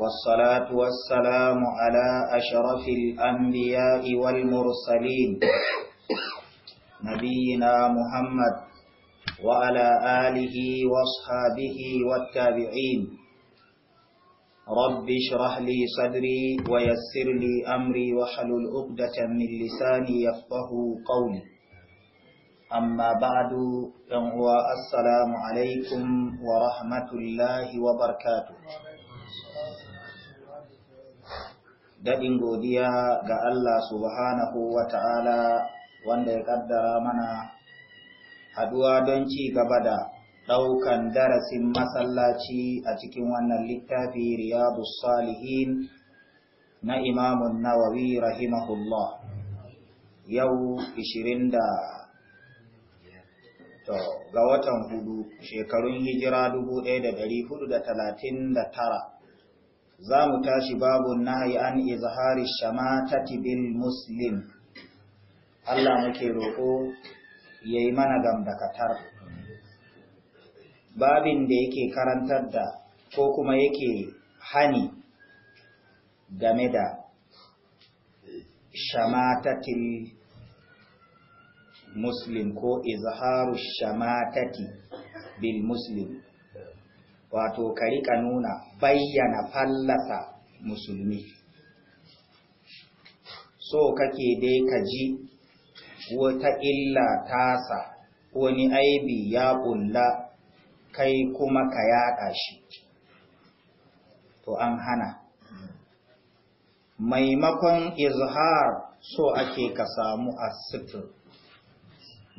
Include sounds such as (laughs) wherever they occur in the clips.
والصلاة والسلام على أشرف الأنبياء والمرسلين نبينا محمد وعلى آله واصحابه والتابعين رب اشرح لي صدري ويسر لي أمري وحلل عقدة من لساني يفقه قولي أما بعد فهو السلام عليكم ورحمة الله وبركاته daɗin godiya ga Allah subhanahu wa ta'ala wanda ya ƙaddara mana haduwa don ci gaba da ɗaukan darasin masallaci a cikin wannan littafi riyadu salihin na imamun nawawi rahimahullah yau 20 da ga watan hudu shekarun hijira 1439 za mu tashi babu na yi an izhari shamatati bil muslim Allah muke roƙo ya yi mana gamdakatar babin da yake karantar da ko kuma yake hani game da shama shamatatil muslim ko shama shamatati bil muslim wato ka nuna bayyana fallasa musulmi so kake dai ka ji wata illa tasa wani aibi ya bulla kai kuma ka yaɗa shi to an hana maimakon izhar so ake ka samu a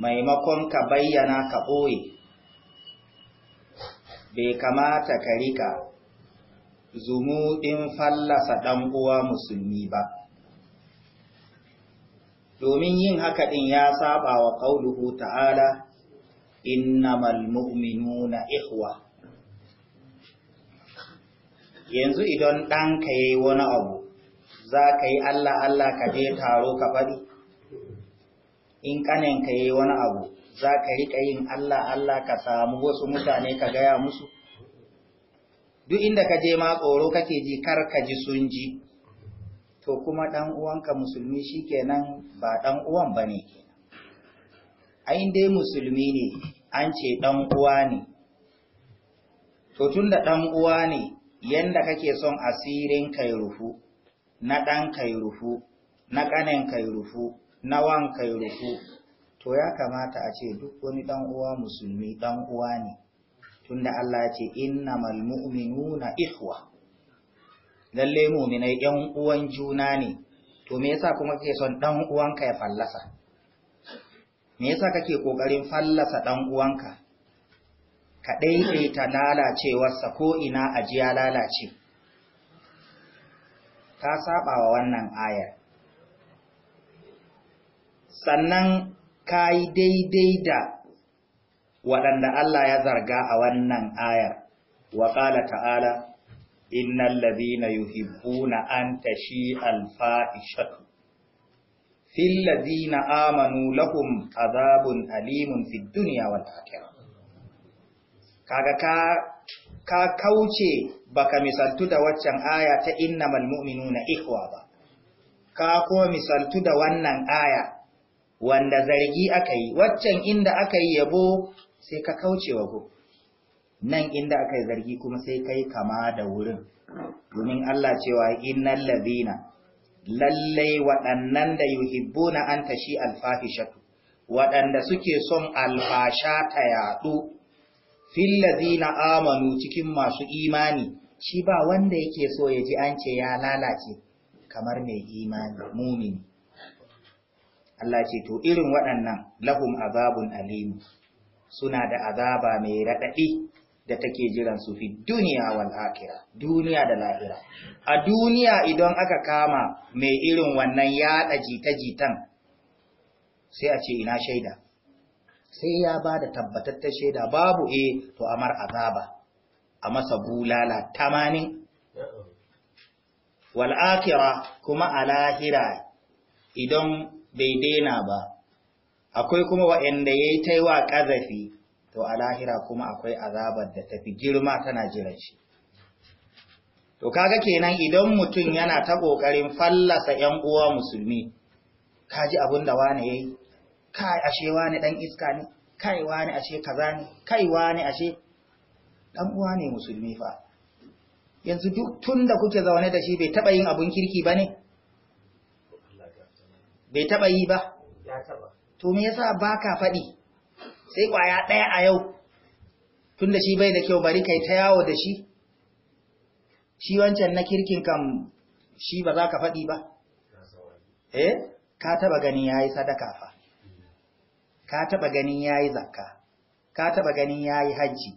maimakon ka bayyana ka ɓoye bai kamata ka rika zumuɗin fallasa ɗan uwa musulmi ba. Domin yin haka ɗin ya saba wa ƙauluhu ta’ala, innamal mu'minuna ihwa. Yanzu idan ɗanka yayi wani abu, za ka yi Allah Allah ka je taro ka faɗi? In ƙanenka yayi wani abu, za ka riƙa yin Allah Allah ka samu wasu mutane ka gaya musu? duk inda ka je ma tsoro kake ji karka ji sun ji to kuma dan uwanka musulmi shikenan ba dan uwan bane kenan dai musulmi ne an ce dan uwa ne to tunda dan uwa ne yanda kake son asirin kai rufu na dan kai rufu na kanen kai rufu na wan kai rufu to ya kamata a ce duk wani dan uwa musulmi dan uwa ne tunda Allah ce innamal mu'minuna ikhwa lalle mu'minai yan uwan juna ne to me yasa kuma kake son dan uwanka ya fallasa me yasa kake kokarin fallasa ɗan uwanka ka daidaita lalacewarsa ko ina ajiya lalace ta saba wa wannan ayar sannan ka yi daidai da waɗanda Allah ya zarga a wannan ayar wa qala ta'ala innal yuhibbu na an tashi al-fahishatu fil ladhina amanu lahum azabun alimun fid dunya wal akhirah kaga ka kauce baka misaltu da waccan aya ta innamal na ikhwa ba ka kuma misaltu da wannan aya wanda zargi aka yi waccan inda aka yi yabo sai ka wa wa nan inda aka yi zargi kuma sai kai kama da wurin domin Allah cewa innan lazina lallai waɗannan da na an tashi alfahishatu waɗanda suke son alfasha ta yaɗu lazina amanu cikin masu imani shi ba wanda yake so ya ji an ce ya lalace kamar mai imani mumini Allah ce to irin waɗannan lahum azabun alimu suna da azaba mai raɗaɗi da take jiran su fi duniya wal akira duniya da lahira a duniya idan aka kama mai irin wannan yaɗa jita-jitan sai a ce ina shaida sai ya ba da tabbatattar shaida babu e to amar azaba a masa bulala tamanin wal'akira kuma a lahira idan bai daina ba akwai kuma waɗanda ya yi taiwa ƙazafi to a lahira kuma akwai azabar da tafi girma tana jiran shi to kaga kenan idan mutum yana ta ƙoƙarin fallasa ‘yan uwa musulmi kaji abin da wani ya yi kai ashe wani ɗan iska ne kai wani ashe kaza ne kai wani ashe ɗan uwa ne musulmi fa yanzu duk tunda kuke zaune da shi bai taɓa yin abun kirki ba ne? bai taɓa yi ba? to me yasa baka faɗi sai kwaya ɗaya a yau tunda shi bai da kyau bari kai ta yawo da shi shi wancan na kirkin kam shi ba za ka faɗi ba eh ka taba ganin yayi sadaka fa ka taba ganin yayi zakka ka taba ganin yayi haji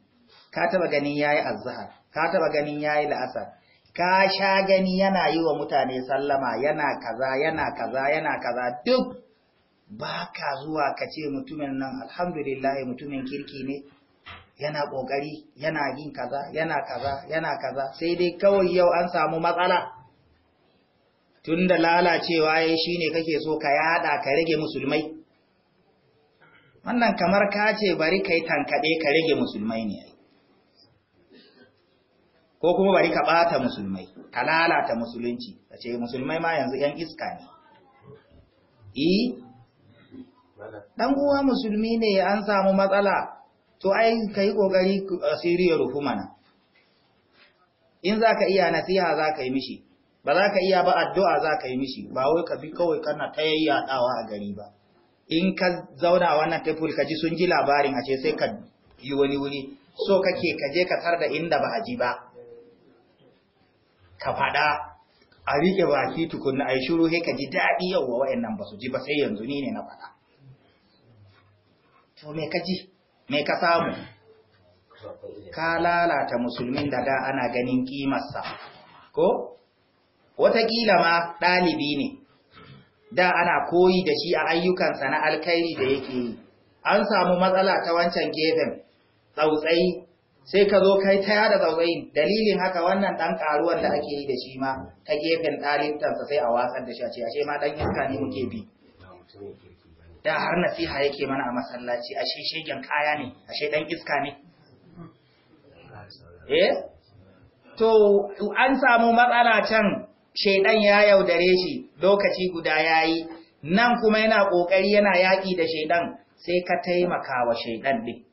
ka taba ganin yayi azhar ka taba ganin yayi la'asar ka sha gani yana yi wa mutane sallama yana kaza yana kaza yana kaza duk ba ka zuwa ka ce mutumin nan alhamdulillah mutumin kirki ne yana ƙoƙari yana yin kaza yana kaza yana kaza sai dai kawai yau an samu matsala Tunda lalacewa ya shi ne kake so ka yada ka rage musulmai wannan kamar ka ce bari ka yi ka rage musulmai ne ko kuma bari ka ɓata musulmai ka lalata musulunci ka ce musulmai ma yanzu ‘yan iska ne i e, dan uwa musulmi ne an samu matsala to ai kai kokari asiri ya rufu mana in za ka iya nasiha za ka yi mishi ba za ka iya ba addu'a za ka yi mishi ba wai ka bi kawai kana ta yayyadawa a gari ba in ka zauna wannan teful ka ji sun ji labarin a ce sai ka yi wani wuri so kake ka je ka tar da inda ba a ji ba ka faɗa a riƙe baki tukunna a yi shuru sai ka ji daɗi yau wa wa'annan ba su ji ba sai yanzu ni ne na faɗa to me ka ji me ka samu ka lalata musulmin da da ana ganin kimarsa ko wataƙila ma ɗalibi ne da ana koyi da shi a ayyukansa na alkairi da yake yi an samu matsala ta wancan gefen tsautsai, sai ka zo kai ta yada tsautsayi dalilin haka wannan ɗan ƙaruwan da ake yi da shi ma ta gefen ɗalibtansa sai a watsar da shi a ce ashe ma ɗan iska ne muke bi da har nasiha yake mana a masallaci ashe shegen kaya ne ashe dan iska ne eh to an samu matsala can shaidan ya yaudare shi lokaci guda yayi nan kuma yana kokari yana yaƙi da shaidan, sai ka taimaka wa shedan din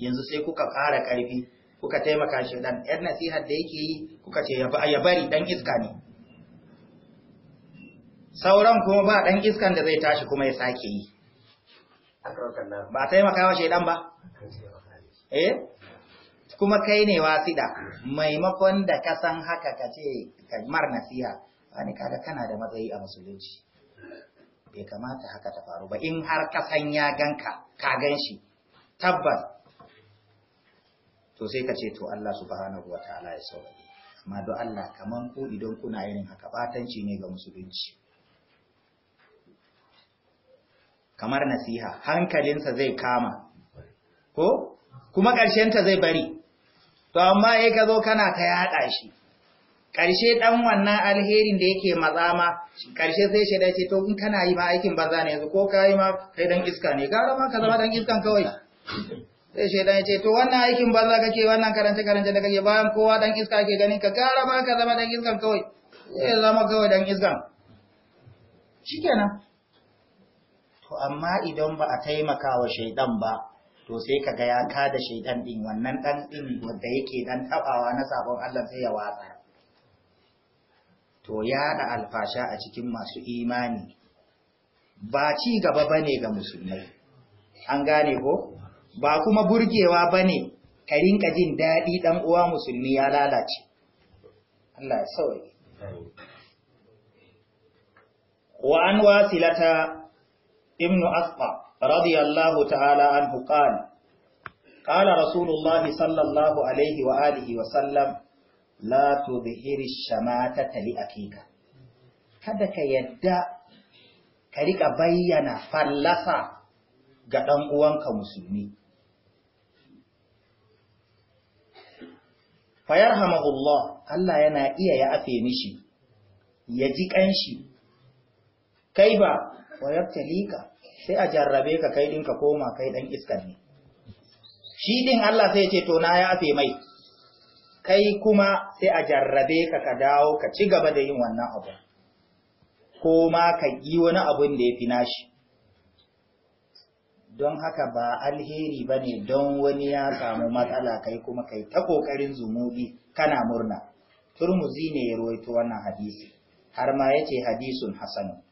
yanzu sai kuka fara karfi kuka taimaka shedan yar nasihar da yake yi kuka ce ya bari dan iska ne sauran kuma ba ɗan iskan da zai tashi kuma ya sake yi ba taimaka wa shaidan ba eh kuma kai ne wasiɗa maimakon da ka san haka ka ce mar nasiha wani kaga kana da matsayi a musulunci bai kamata haka ta faru ba in har ka san ya ganka ka ganshi. tabbas to sai ka ce to Allah subhanahu wa ta'ala ya saurare amma don Allah kaman ku idan kuna yin haka batanci ne ga musulunci kamar nasiha hankalinsa zai kama ko kuma ta zai bari to amma ya ka zo kana ta yaɗa shi ƙarshe ɗan wannan alherin da yake matsama ƙarshe zai shaida ce to in kana yi ma aikin banza ne yanzu ko ka yi ma kai ɗan iska ne gara ma ka zama ɗan iskan kawai sai shaida ya ce to wannan aikin banza kake wannan karance karance da kake bayan kowa dan iska ke ganin ka gara ma ka zama dan iskan kawai sai zama kawai dan iskan shikenan to amma idan ba a taimaka wa shaidan ba to sai kaga ya da shaidan din wannan dan din wanda yake dan tabawa na sabon Allah sai ya watsa to ya da alfasha a cikin masu imani ba ci gaba bane ga musulmai an gane ko ba kuma burgewa bane ka rinka jin daɗi dan uwa musulmi ya lalace. Allah ya sauye. Wa an wasilata ibn asqa radiyallahu ta'ala anhu qala قال رسول الله صلى الله عليه وآله وسلم لا تظهر الشماتة لأكيك kada ka yarda ka riƙa bayyana fallasa ga ɗan uwanka musulmi fayar hamahullah Allah yana iya ya afe mishi ya ji ƙanshi kai ba wa yabtalika sai a jarrabe ka kai din ka koma kai dan iskar ne shi din Allah sai ya ce to na ya afe mai kai kuma sai a jarrabe ka ka dawo ka ci gaba da yin wannan abu ko ma ka yi wani abun da ya fi nashi don haka ba alheri ba ne don wani ya samu matsala kai kuma kai ta kokarin zumubi kana murna turmuzi ne ya ruwaito wannan hadisi har ma ya ce hadisun hasanu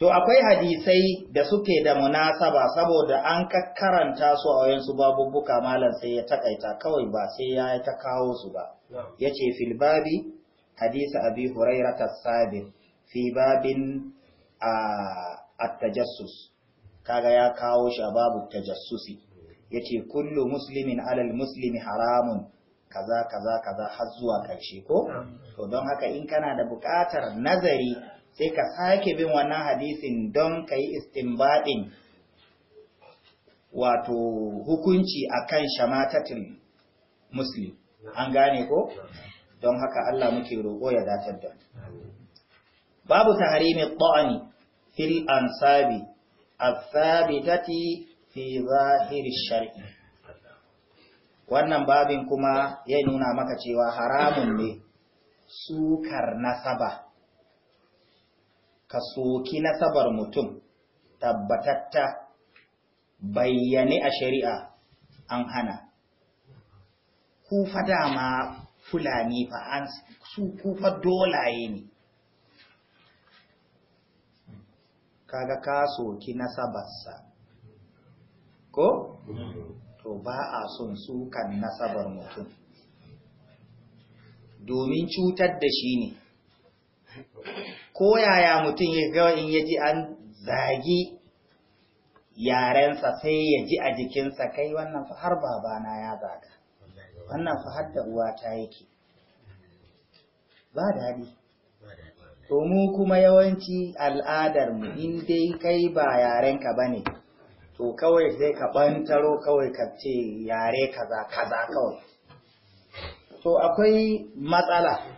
To akwai hadisai da suke da munasaba saboda an karanta su a wayansu babubbuka malam sai ya takaita kawai ba sai ya yi ta kawo su ba. Ya ce babi hadisa abi huraira tasabir fi babin at-tajassus kaga ya kawo shi a babu tajassusi yace kullu muslimin alal muslimi haramun kaza kaza kaza har zuwa karshe ko to don haka in kana da buƙatar nazari sai ka sake bin wannan hadisin don ka yi istimbaɗin wato hukunci a kan shamatatin muslim an gane ko don haka Allah muke roƙo ya datar da babu mai ƙo'ani fil ansabi athabitati fi zahiri shar'i wannan babin kuma ya nuna maka cewa haramun ne sukar nasaba ka soki nasabar mutum tabbatatta bayyane a shari'a an hana. Ku dama Fulani fa an su ku fa dolaye ne. Kaga ka soki nasabarsa. Ko? To ba a son sukan nasabar mutum. Domin cutar da shi ne. ko yaya mutum ya ga in yaji ji an zagi yarensa sai yaji ji a jikinsa kai wannan fa har babana ya zaga wannan fa har da ta yake ba daɗi to mu kuma yawanci al'adar mu in dai kai ba yarenka ba ne to kawai sai ka ɓantaro kawai ka ce yare kaza kaza kawai to akwai matsala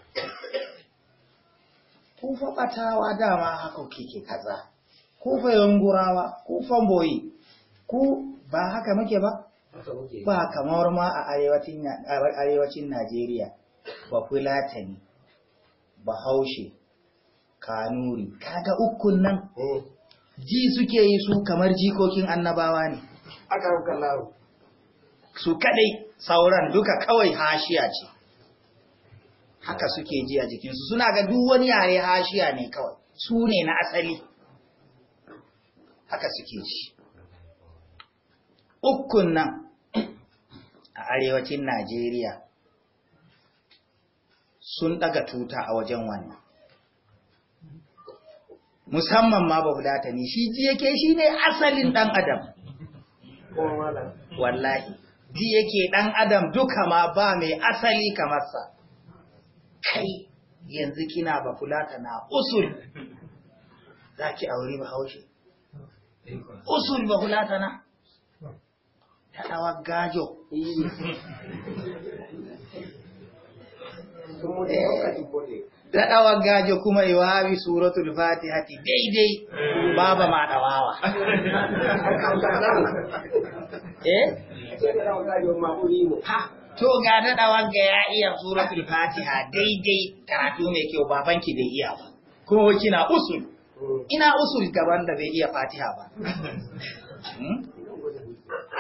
ku fa batawa dama haka kike kaza kufa yungurawa ku ku ba haka muke ba ba kamar ma a arewacin Najeriya ba fulatani ba haushe kanuri kaga ukun nan hmm. ji suke yi su kamar jikokin annabawa ne su kadai sauran duka kawai hashiya ce haka suke ji a jikinsu suna ga duk wani yare hashiya ne kawai su ne na asali haka suke ji ukun nan a arewacin najeriya sun daga tuta a wajen wannan musamman ma bahudata ne shi ji yake shi ne asalin dan adam wallahi ji yake dan adam duka ma ba mai asali kamar sa kai yanzu kina ba fulata na usul za ki auri ba haushe usul ba fulata na ta dawa gajo da dawa gajo kuma iwabi suratul fatiha ti daidai baba ma dawawa eh to ga daɗawan ga ya iya suratul fatiha daidai karatu mai kyau babanki bai iya ba kuma kina usul ina usul gaban da bai iya fatiha ba hmm?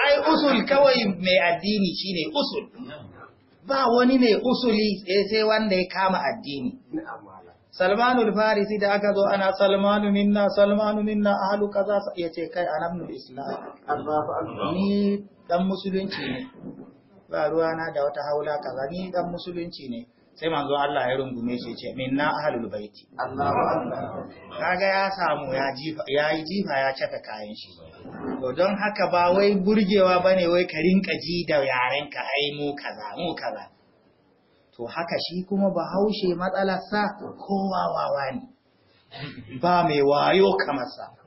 ai usul kawai mai addini shine usul ba wani mai usuli sai wanda ya kama addini salmanul farisi da aka zo ana salmanu minna salmanu minna ahlu kaza ya ce kai anabnul islam ni dan musulunci ne ba na da wata haula kaza ni dan musulunci ne sai manzo Allah ya rungume shi ce minna ahlul baiti Allahu akbar kaga ya samu ya jifa ya yi jifa ya caka kayan shi to don haka ba wai burgewa bane wai ka rinka ji da yaren ka ai mu kaza mu kaza to haka shi kuma bahaushe matsalarsa kowa wawa ne ba mai wayo kamar sa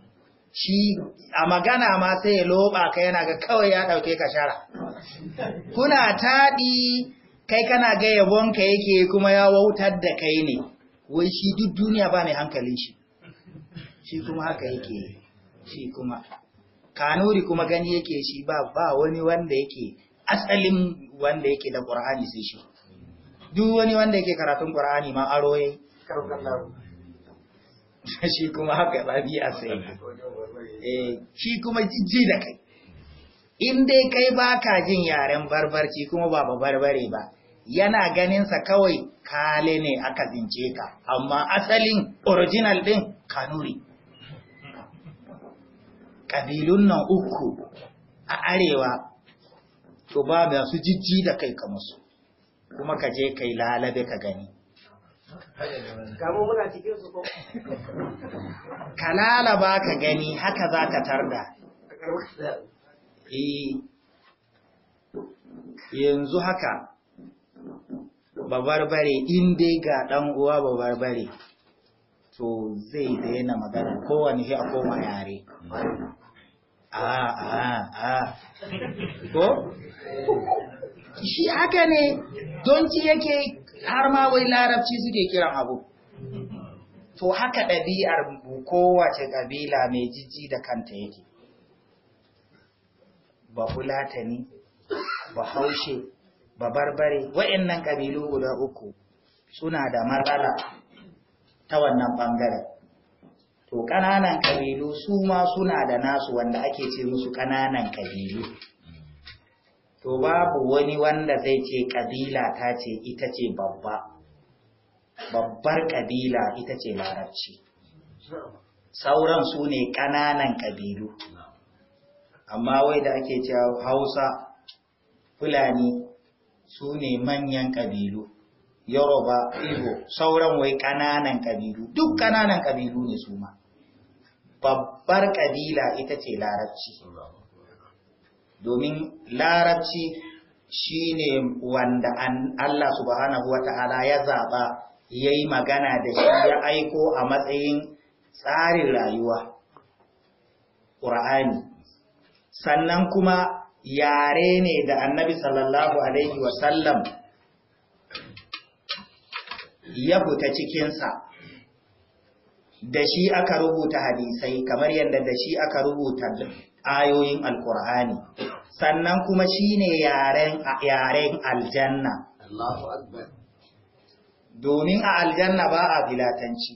shi a magana ma sai ya loba ka yana ga kawai ya ɗauke ka shara kuna taɗi kai kana ga yabonka yake kuma ya wautar da kai ne wai shi duk duniya ba mai hankalin shi shi kuma haka yake shi kuma kanuri kuma gani yake shi ba ba wani wanda yake asalin wanda yake da ƙur'ani sai shi duk wani wanda yake karatun ƙur'ani ma aro yayi (laughs) shi kuma haka a sai eh, shi kuma ji da kai in dai kai ba ka jin yaren barbarci kuma ba ba barbare ba yana ganinsa kawai kale ne aka zince ka amma asalin original din kanuri ƙabilun nan uku a arewa to ba da su jijji da kai ka musu kuma ka je kai lalabe ka gani Gamo muna cikin su ko? ba ka gani haka za ka tarda. Eh, yanzu haka babarbare in dai ga ɗan uwa babarbare to zai daina magana kowane shi a koma yare. A, ah, a, ah, a, ah. ko? Shi haka ne don ci yake har ma wai larabci suke kiran abu to haka ɗabi'ar kowace ƙabila mai jijji da kanta yake ba fulatani ba haushe ba barbare wa'annan ƙabilu guda uku suna da matsala ta wannan ɓangare to ƙananan ƙabilu su ma suna da nasu wanda ake ce musu ƙananan ƙabilu to babu wani wanda zai ce ƙabila ta ce ita ce babba babbar ƙabila ita ce larabci sauran su ne ƙananan ƙabilu amma wai da ake cewa hausa fulani su ne manyan ƙabilu yoruba igbo sauran wai ƙananan ƙabilu duk ƙananan ƙabilu ne su ma babbar ƙabila ita ce larabci domin larabci shi ne wanda Allah subhanahu Ta'ala ya zaba yi magana da shi ya aiko a matsayin tsarin rayuwa ƙur'ani. sannan kuma yare ne da Annabi sallallahu alaihi wasallam ya fita cikinsa da shi aka rubuta hadisai kamar yadda da shi aka rubuta ayoyin alƙur'ani. sannan kuma shine yaren yaren aljanna Allahu akbar domin a aljanna ba a filatanci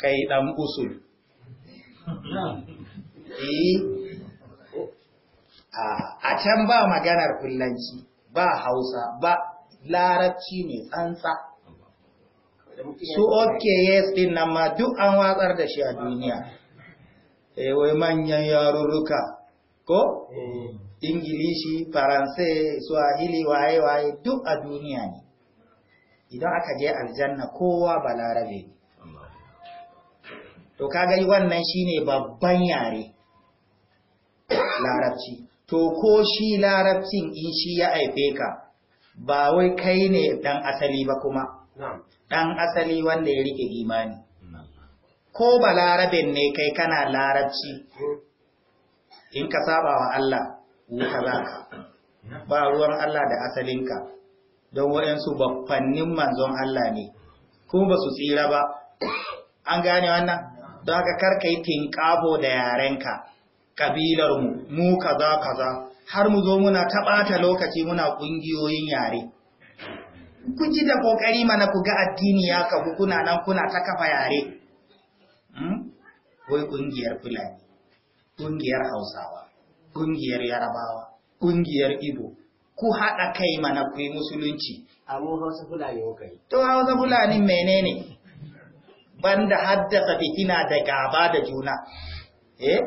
kai dan usul eh. a can ba maganar kullanci ba hausa ba larabci ne tsantsa su oke yes ɗin, nan ma duk an watsar da shi a duniya eh, wai manyan yarurruka ko eh. ingilishi Faransa, swahili waye waye duk a duniya ne idan aka je aljanna kowa balarabe Larabe. to kaga wannan shine babban yare larabci to ko shi larabcin in shi ya aife ka ba wai kai ne dan asali ba kuma dan asali wanda ya rike imani ko ba larabin ne kai kana larabci hmm. in ka saba wa Allah ni kaza ba ruwan Allah da asalinka don waɗansu bafannin manzon Allah ne kuma ba su tsira ba an gane wannan don haka karka yi tinkabo da yarenka kabilar mu mu kaza kaza har mu zo muna taɓata lokaci muna ƙungiyoyin yare ku ji da ƙoƙari mana ku ga addini ya kafu kuna nan kuna ta kafa yare hmm? wai ƙungiyar fulani ƙungiyar hausawa ƙungiyar yarabawa ƙungiyar ibo ku haɗa kai mana ku yi musulunci amma hausa fulani kuka yi to hausa fulani menene banda haddasa fitina da gaba da juna eh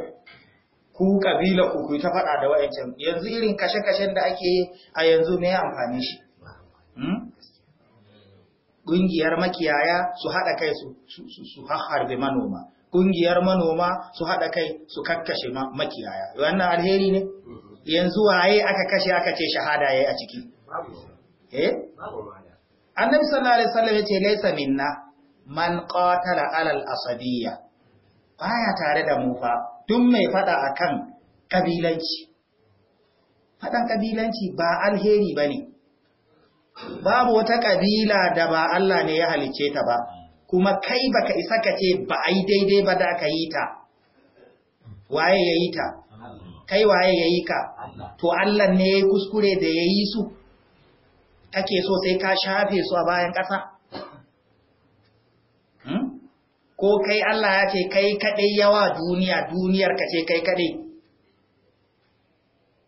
ku kabila ku ku ta faɗa da wa'ancan yanzu irin kashe-kashen da ake a yanzu me amfani shi hmm? ƙungiyar makiyaya su haɗa kai su harbe manoma ƙungiyar manoma su haɗa kai su kakkashe makiyaya wannan alheri ne yanzu waye aka kashe aka ce shahada yayi a ciki eh annabi sallallahu alaihi wasallam yace laysa minna man qatala alal asabiyya baya tare da mu fa duk mai fada akan kabilanci fadan kabilanci ba alheri bane babu wata kabila da ba Allah ne ya halice ta ba kuma kai baka isa ka ce ba a daidai ba da ka yi ta waye ya yi ta kai waye ya yi ka to Allah ne ya yi kuskure da ya yi su kake so sai ka shafe su a bayan ƙasa hmm? ko kai Allah ya ce kai kaɗai yawa duniya duniyar ka ce kai kaɗai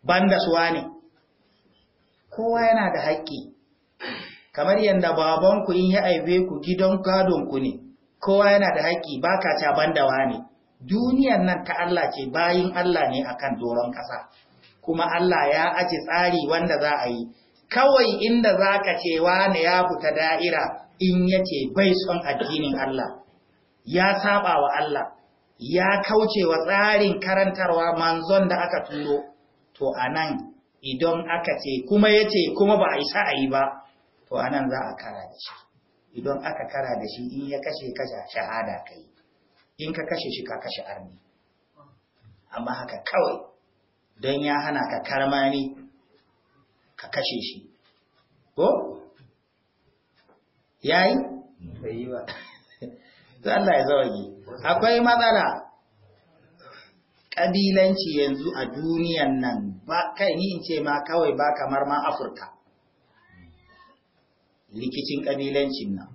banda suwa ne kowa yana da haƙƙi kamar yadda babanku in ya aibe ku gidan gadonku ne kowa yana da haƙƙi ba ka ca bandawa ne duniyan nan ta Allah ce bayin Allah ne akan doron ƙasa kuma Allah ya aji tsari wanda za a yi kawai inda za ka ce wane ya fita da'ira in yace bai son addinin Allah ya saba wa Allah ya kauce wa tsarin karantarwa manzon da aka turo to a nan idan aka ce kuma ya ce kuma ba a isa a yi ba to anan za a kara da shi idan aka kara da shi in ya kashe kasha shahada kai in ka kashe shi ka kashe arni amma haka kawai don ya hana ka karmani ka kashe shi ko yayi bai yi ba (laughs) to Allah ya zawage akwai matsala kabilanci yanzu a duniyan nan ba kai ni in ce ma kawai ba kamar ma Afirka Likicin ƙabilancin nan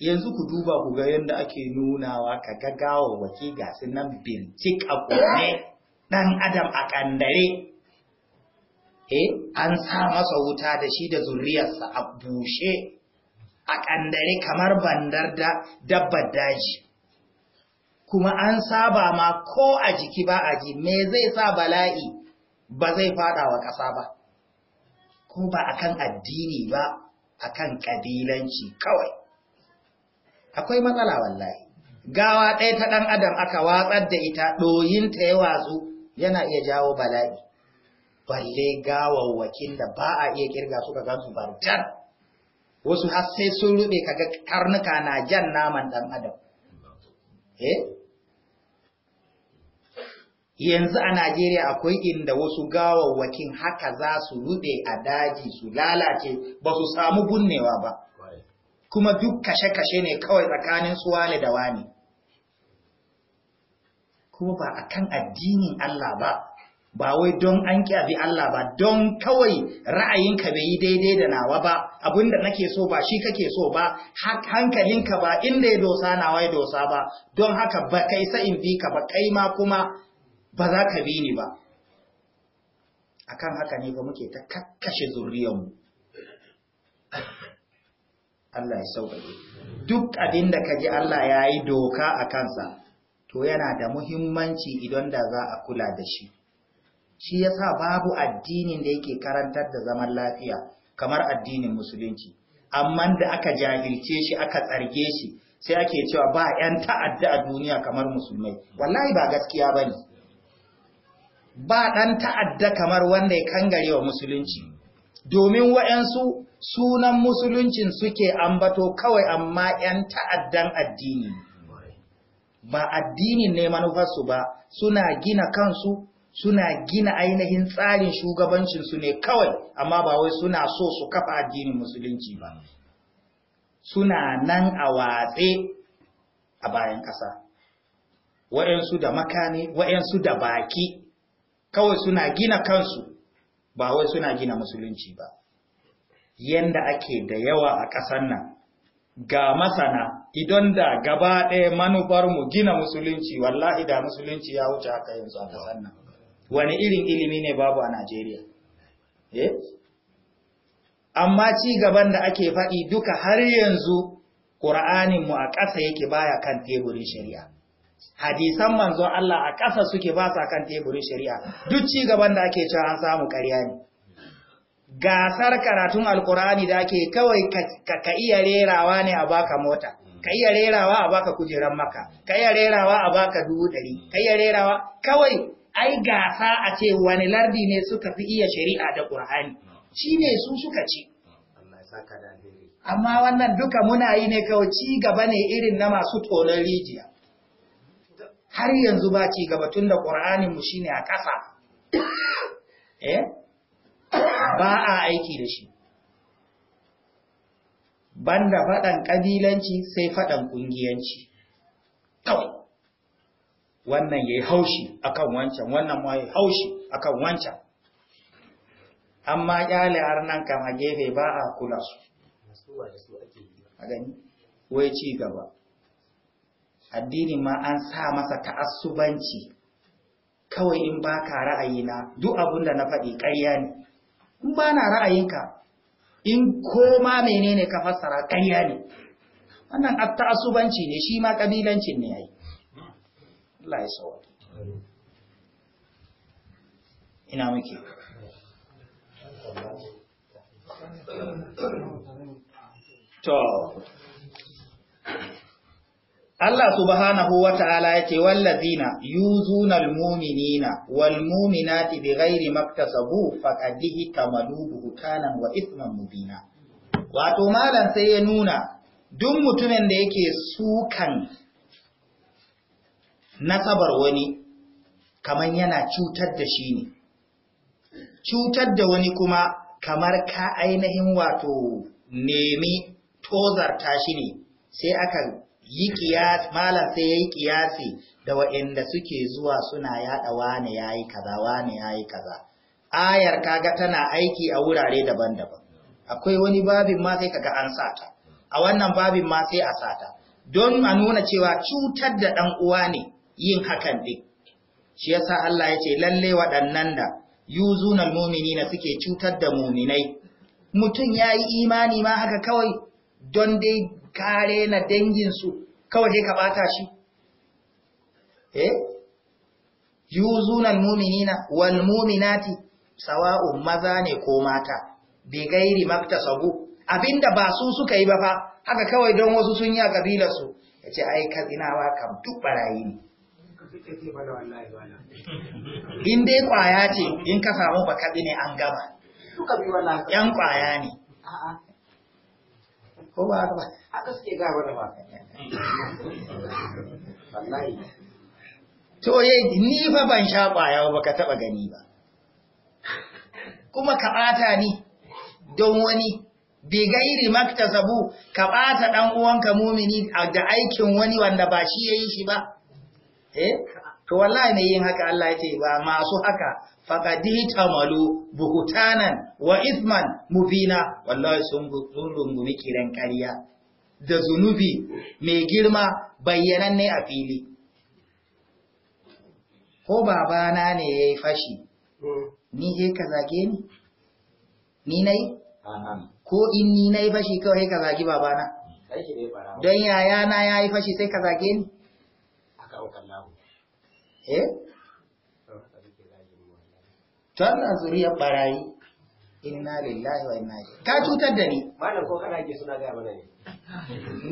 yanzu ku duba ku ga yadda ake nunawa ka gagawa waki ga su nan bincik a kone ɗan adam a ƙandare eh an sa masa wuta da shi da zuriyarsa a bushe a ƙandare kamar bandar da dabbar daji kuma an saba ma ko a jiki ba a ji me zai sa bala'i ba zai fada wa ƙasa ba ko ba a kan addini ba akan kabilanci kawai akwai matsala wallahi gawa ɗaya ta ɗan adam aka watsar da ita ta ya watsu yana iya jawo bala'i balle gawawwakin da ba a iya kirga suka gansu barjar wasu har sai sun rube kaga karnuka na jan naman ɗan adam eh yanzu a Najeriya akwai inda wasu gawawwakin haka za su rube a daji su lalace ba su samu bunnewa ba kuma duk kashe-kashe ne kawai tsakanin suwane da wani kuma ba akan addinin Allah ba ba wai don an kyabi Allah ba don kawai ra'ayinka bai yi daidai da nawa ba abinda nake so ba shi kake so ba hankalinka ba inda ya dosa nawa ya dosa ba don haka ba kai sa in bi ka ba kai ma kuma ba za ka bi ni ba akan haka ne ba muke ta kakkashe zuriyarmu Allah ya sauƙaƙe duk abin da ka ji Allah ya yi doka a kansa to yana da muhimmanci idan da za a kula da shi shi yasa babu addinin da yake karantar da zaman lafiya kamar addinin musulunci amma da aka jahilce shi aka tsarge shi sai ake cewa ba 'yan ta'adda a duniya kamar musulmai wallahi ba gaskiya bane ba ɗan ta'adda kamar wanda ya kangare wa musulunci domin wayansu sunan musuluncin suke ambato kawai amma ‘yan ta'addan addini ba addinin ne manufarsu ba suna gina kansu suna gina ainihin tsarin shugabancinsu ne kawai amma ba wai suna so su kafa addinin musulunci ba suna nan a watse a bayan ƙasa wa'yansu da makani wa'yansu da baki kawai suna gina kansu ba wai suna gina musulunci ba yanda ake da yawa a ƙasar nan ga masana idan da gaba ɗaya manufarmu gina musulunci wallahi da musulunci ya wuce haka yanzu a ƙasar nan wani irin ilimi ne babu a Najeriya eh? amma ci gaban da ake faɗi duka har yanzu Qur'anin mu a ƙasa yake baya kan teburin shari'a hadisan manzon Allah a ƙasa suke ba sa kan teburin shari'a duk ci gaban da ake cewa an samu ƙarya ne gasar karatun alkurani da ake kawai ka iya rerawa ne a baka mota ka iya rerawa a baka kujeran maka ka iya rerawa a baka dubu ɗari ka iya rerawa kawai ai gasa a ce wani lardi ne suka fi iya shari'a da ƙur'ani shi ne su suka ci amma wannan duka muna yi ne kawai ci gaba ne irin na masu tsoron rijiya har yanzu ba ci gaba tun da ƙur'aninmu shi ne a ƙasa (coughs) eh ba a aiki da shi banda faɗan ƙabilanci sai faɗan ƙungiyanci kawai wannan ya yi haushi akan wancan wannan ma ya yi haushi akan wancan amma ƙyale nan kama gefe ba a kula su a gani wai ci gaba addini ma an sa masa ta'assubanci kawai in ba ka ra'ayina duk abinda da na faɗi ƙarya ne in ba na ra'ayinka in koma menene ka fassara ƙarya ne wannan ta'assubanci ne shi ma ƙabilancin ne yayi Allah ya sawa ina muke to Allah subhanahu wa ta'ala ya ce, Wallazina, yuzunar muminina, wal muminati bi ghairi maktasabu faƙadihi kamalu buhutanan wa isman mubina. Wato, malam sai ya nuna, duk mutumin da yake sukan nasabar wani, kamar yana cutar da shi ne. Cutar da wani kuma kamar ka ainihin wato nemi tozarta shi ne, sai aka yi kiyasi malam sai yayi kiyasi da waɗanda suke zuwa suna yada wane yayi kaza wani yayi kaza ayar kaga tana aiki a wurare daban-daban akwai wani babin ma sai kaga an sata a wannan babin ma sai a sata don a nuna cewa cutar da dan uwa ne yin hakan din shi yasa Allah yace, ce lalle waɗannan da yuzunal na suke cutar da mu'minai mutum yayi imani ma haka kawai don dai kare na danginsu kawai dai ka bata shi eh yuzunal mu'minina wal mu'minati sawa'un maza ne ko mata bi gairi sabu, abinda ba su suka yi ba fa haka kawai don wasu sun yi a kabilar su yace ai kazinawa kam duk barayi ne in dai kwaya ce in ka samu ba kazi ne an gama yan kwaya ne ko ba haka ba haka suke ga wani ba wallahi to ye ni fa ban sha kwaya ba ka taba gani ba kuma ka ɓata ni don wani bi gairi maktasabu ka ɓata ɗan uwanka mumini da aikin wani wanda ba shi yi shi ba eh? to wallahi ne yin haka Allah ya ce ba masu haka faqadi tamalu buhutanan wa isman mubina wallahi sun rungumi kiran ƙarya da zunubi mai girma ne a fili ko babana ne yayi fashi ni he ka zage ni ni nai ko in ni nai fashi kawai ka zagi babana don yayana yi fashi sai ka zage ni eh barayi ka cutar da ni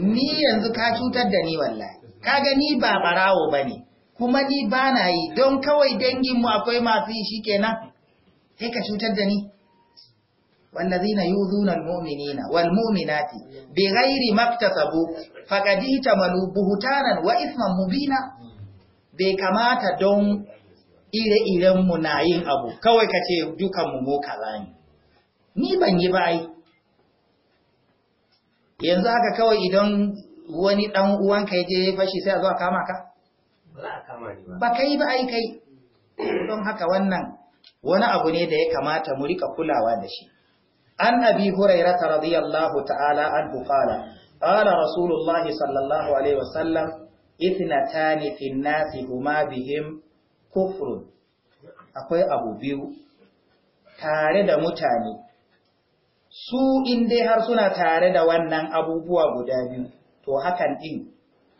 ni yanzu ka cutar da ni wallahi kaga ni ba barawo bane kuma ni ba na yi don kawai dangin mu akwai masu shi shikenan sai ka cutar da ni والذين يؤذون المؤمنين والمؤمنات بغير ما اكتسبوا فقد احتملوا بهتانا واثما مبينا bai kamata don ire-irenmu na yin abu kawai ka ce dukanmu mu ne ni ban yi bai yanzu haka kawai idan wani dan uwanka je fashi sai a zo a kama ka ba ka yi ba kai don haka wannan wani abu ne da ya kamata mu rika kulawa da shi an abi hurairata radiyallahu ta'ala an qala qala rasulullahi sallallahu alaihi wasallam ithnatani fin nasi huma bihim kufrun akwai abu biyu tare da mutane su in har suna tare da wannan abubuwa guda biyu to hakan din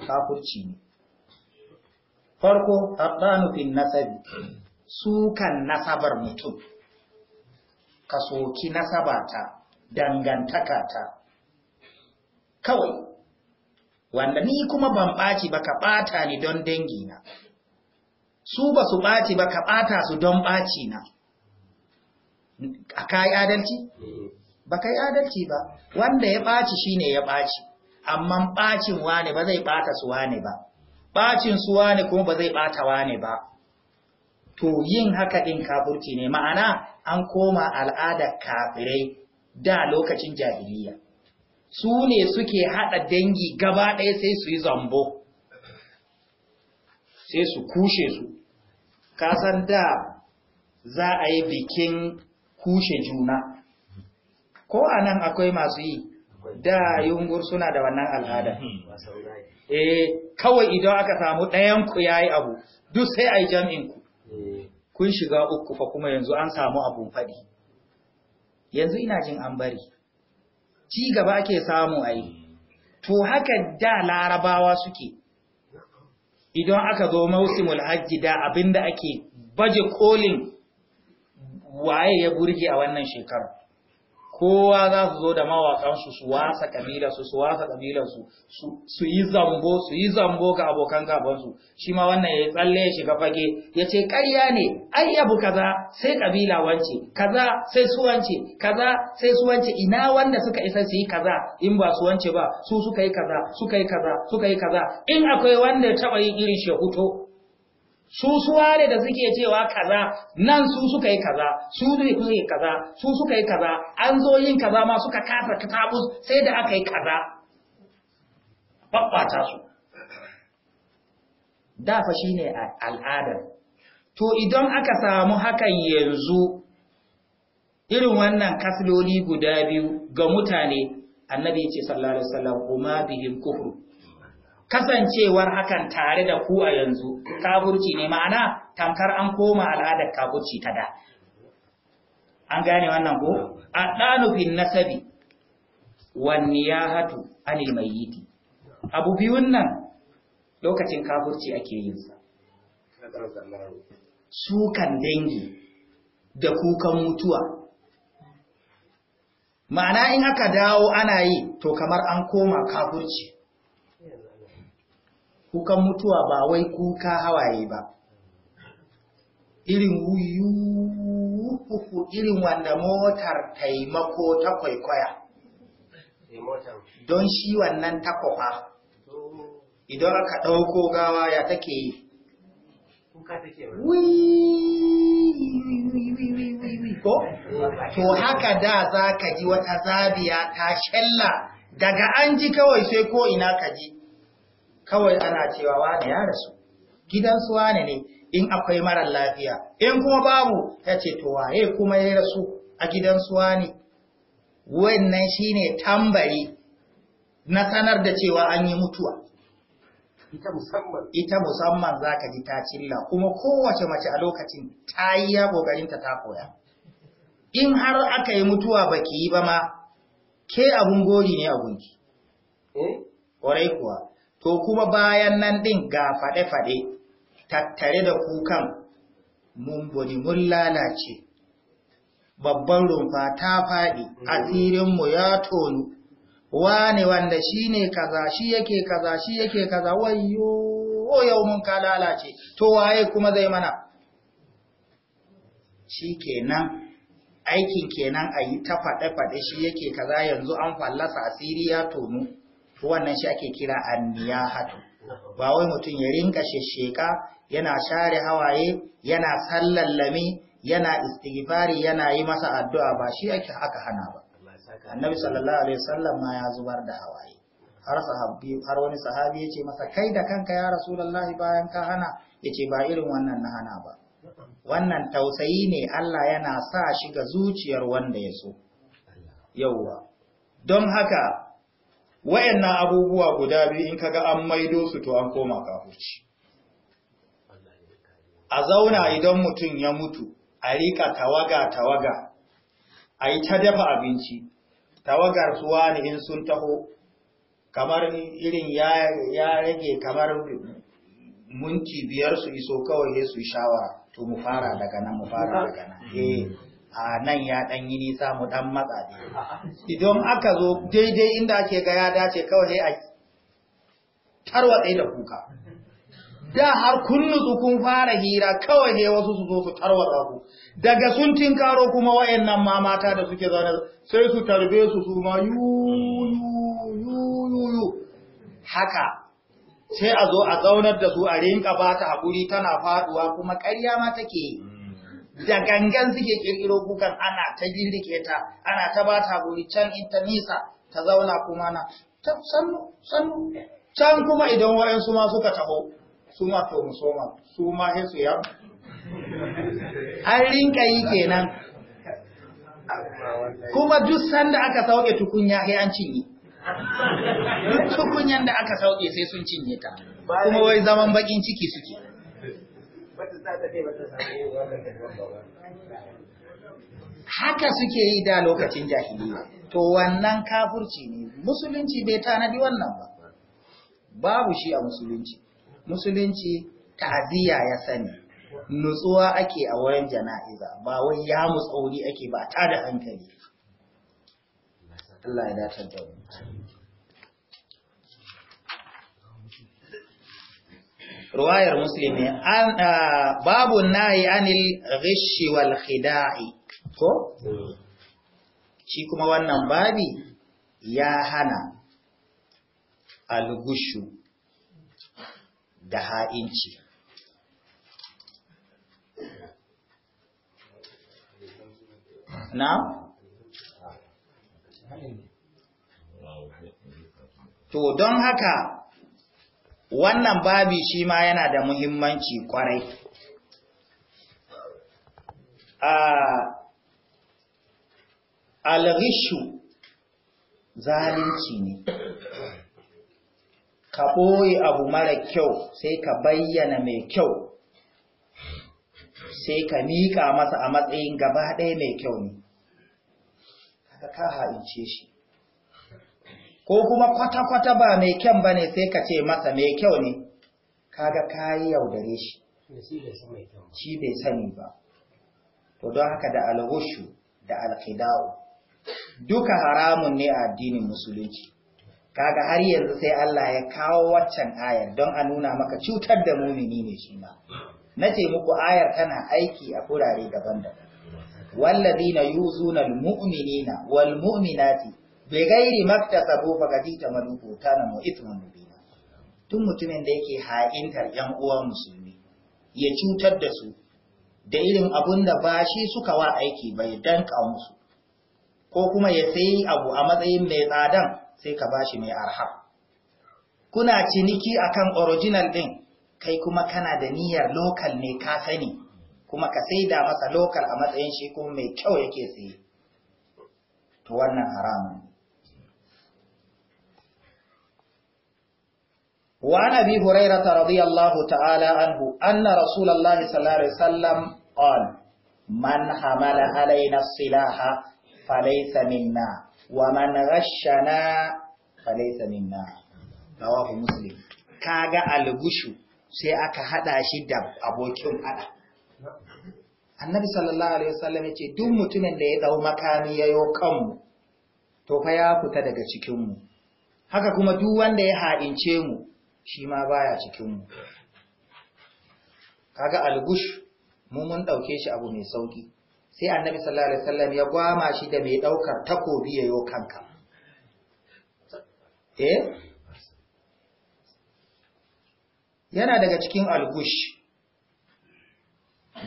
kafurci ne farko haɗanu fin nasabi kan nasabar mutum ka soki nasabata dangantaka ta kawai wanda ni kuma ban ɓaci ba ka ɓata ni don dangi na su ba su ɓaci ba ka ɓata su don ɓaci na a kayi adalci? ba kai adalci ba wanda ya ɓaci shine ya ɓaci amma ɓacin wane ba zai ɓata su wane ba ɓacin su wane kuma ba zai ɓata wane ba to yin haka ɗin kafurci ne ma'ana an koma al'adar kafirai da lokacin jahiliya su ne suke haɗa dangi gaba ɗaya sai su yi zambo sai su kushe su kasan da za a yi bikin kushe juna ko a nan akwai masu yi da yungur suna da wannan al'ada eh kawai idan aka samu ɗayan ku yi abu duk sai ayi jami'in ku kun shiga uku fa kuma yanzu an samu abun faɗi yanzu ina jin an bari ci gaba ake samu a yi to haka da larabawa suke idan aka zo mausimul hajji da abinda ake baje kolin waye ya burge a wannan shekaru kowa za su zo da mawaƙansu su wasa ƙabilarsu su wasa ƙabilarsu su yi zambo su yi zambo ga abokan gabansu shi ma wannan ya tsalle ya shiga fage ya ce ƙarya ne ai abu kaza sai ƙabila wance kaza sai su wance kaza sai su wance ina wanda suka isa su yi kaza in ba su wance ba su suka yi kaza suka yi kaza suka yi kaza in akwai wanda ya taɓa yin irin shehuto su ne da suke cewa kaza nan su suka yi kaza su ne yi kaza su suka yi kaza an zo yin kaza ma suka kasa ta tabus sai da aka yi kaza babbata su da shi ne al'adar to idan aka samu hakan yanzu irin wannan kasloli guda biyu ga mutane annabi ce sallallahu alaihi wasallam kuma bihim kufru kasancewar hakan tare da ku a yanzu kaburci ne ma'ana tamkar an koma al'adar kaburci ta da an gane wannan ko A fin nasabi hatu niyahatu anil mayyiti abu biyun nan lokacin kaburci ake yin sa sukan dangi da kukan mutuwa ma'ana in aka dawo ana yi to kamar an koma kaburci kukan mutuwa ba wai kuka hawaye ba irin wuyu irin wanda motar taimako ta kwaikwaya eh, don shi wannan takwafa idan aka ɗauko gawa ya take yi ko to haka da za ka ji wata zabiya ta shella daga an ji kawai sai ko ina ka ji kawai ana cewa wane ya rasu gidansu wane ne in akwai marar lafiya in kuma babu ya ce to waye kuma ya rasu a gidansu wane wannan shine tambari na sanar da cewa an yi mutuwa ita musamman ita musamman zaka ji ta cilla kuma kowace mace a lokacin ta yi ya kokarin ta koya in har aka yi mutuwa baki yi ba ma ke abun gori ne abunki eh kuwa to kuma bayan nan ɗin ga faɗe-faɗe tattare da kukan mumbuni mun lalace babban rumfa ta faɗi asirinmu ya tonu wane wanda shi ne kaza shi yake kaza shi yake kaza wayo yau mun ka lalace to waye kuma zai mana shi kenan aikin kenan a yi ta faɗe-faɗe shi yake kaza yanzu an fallasa asiri ya tonu to wannan shi ake kira anniyahatu ba wai mutum ya rinka shesheka yana share hawaye yana sallallami yana istighfari yana yi masa addu'a ba shi ake haka hana ba annabi sallallahu alaihi wasallam ma ya zubar da hawaye har sahabbi har wani sahabi yace masa kai da kanka ya rasulullahi bayan ka hana yace ba irin wannan na hana ba wannan tausayi ne Allah yana sa shi ga zuciyar wanda ya so yauwa don haka wayannan abubuwa guda biyu in kaga an maido su to an koma kafurci. a zauna idan mutum ya mutu a rika tawaga tawaga a yi ta dafa abinci tawagar suwa ne in sun taho kamar irin ya rage kamar munci biyar su iso kawai su shawara to mu fara daga nan mu fara daga nan eh. a nan ya ɗan yi nisa mu ɗan matsa ne idan aka zo daidai inda ake ga ya dace kawai a tarwatse da kuka da har kun nutsu kun fara hira kawai sai wasu su zo su da ku daga sun tinkaro kuma wayannan ma mata da suke zaune sai su tarbe su su ma yuyuyuyu haka sai a zo a zaunar da su a rinka ba ta haƙuri tana faɗuwa kuma ƙarya ma take yi da gangan suke kirkiro kukan ana ta girke ta ana ta ba ta guri can ita nisa ta zauna kuma na sannu sannu can kuma idan waɗansu ma suka taho su ma to musoma su ma sai su an rinka yi kenan kuma duk sanda aka sauke tukunya sai an cinye duk tukunyan da aka sauke sai sun cinye ta kuma wai zaman bakin ciki suke haka suke yi da lokacin jahiliya to wannan kafurci ne musulunci bai tanadi wannan ba babu shi a musulunci musulunci ta'aziyya ya sani nutsuwa ake a wurin jana'iza ba wai ya mutsauri ake ba ta da hankali Allah ya dace da mu ruwayar Musulmi, babu nahi anil ghishi wal khida'i ko shi kuma wannan babi ya hana algushu da ha'inci na to don haka wannan babi shi ma yana da muhimmanci kwarai al zalunci ne ka ɓoye abu mara kyau sai ka bayyana mai kyau sai ka miƙa masa a matsayin gaba ɗaya mai kyau ne ka ha'ince shi ko kuma kwata-kwata ba mai kyan ba ne sai ka ce masa mai kyau ne kaga kayi yaudare shi shi bai sani ba to don haka da alhushu da alkhida'u duka haramun ne a addinin musulunci kaga har yanzu sai Allah ya kawo waccan ayar don a nuna maka cutar da mumini ne shi ma ce muku ayar tana aiki a kurare daban-daban wallazina yuzuna almu'minina walmu'minati bai gairi maktasabu faqadi ta maluku kana na mubina tun mutumin da yake ha'intar yan uwan musulmi ya cutar da su da irin abun da ba shi suka wa aiki bai danka musu ko kuma ya sayi abu a matsayin mai tsadan sai ka bashi mai arha kuna ciniki akan original din kai kuma kana da niyyar local ne ka sani kuma ka sai da masa lokal a matsayin shi kuma mai kyau yake sai to wannan haramun وعن أبي هريرة رضي الله تعالى عنه أن رسول الله صلى الله عليه وسلم قال من حمل علينا السلاح فليس منا ومن غشنا فليس منا رواه مسلم كاغا algushu sai aka hada shi da abokin hada annabi sallallahu alaihi wasallam yace duk mutumin da ya dau makami yayo kanmu to fa ya fita daga cikin haka kuma duk wanda ya haɗince mu shi ma baya cikinmu kaga algush mu mun dauke shi abu mai sauki sai annabi sallallahu alaihi wasallam ya gwama shi da mai ɗaukar takobi yayo kanka eh yana daga cikin algush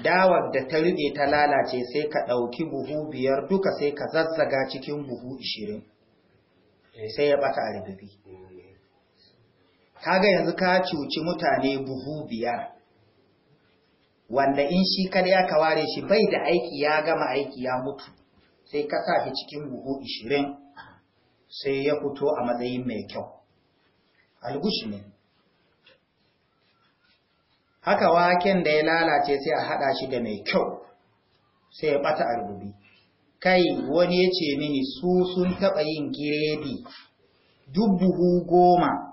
dawar da ta rube ta lalace sai ka ɗauki buhu biyar duka sai ka zazzaga cikin buhu ishirin sai ya ɓata a kaga yanzu ka cuci mutane buhu biyar wanda in shi kada ya ware shi bai da aiki ya gama aiki ya mutu sai ka sa shi cikin buhu ishirin sai ya fito a matsayin mai kyau algushi ne haka waken da ya lalace sai a haɗa shi da mai kyau sai ya bata argubi kai wani ya ce mini su sun taɓa yin giredi duk buhu goma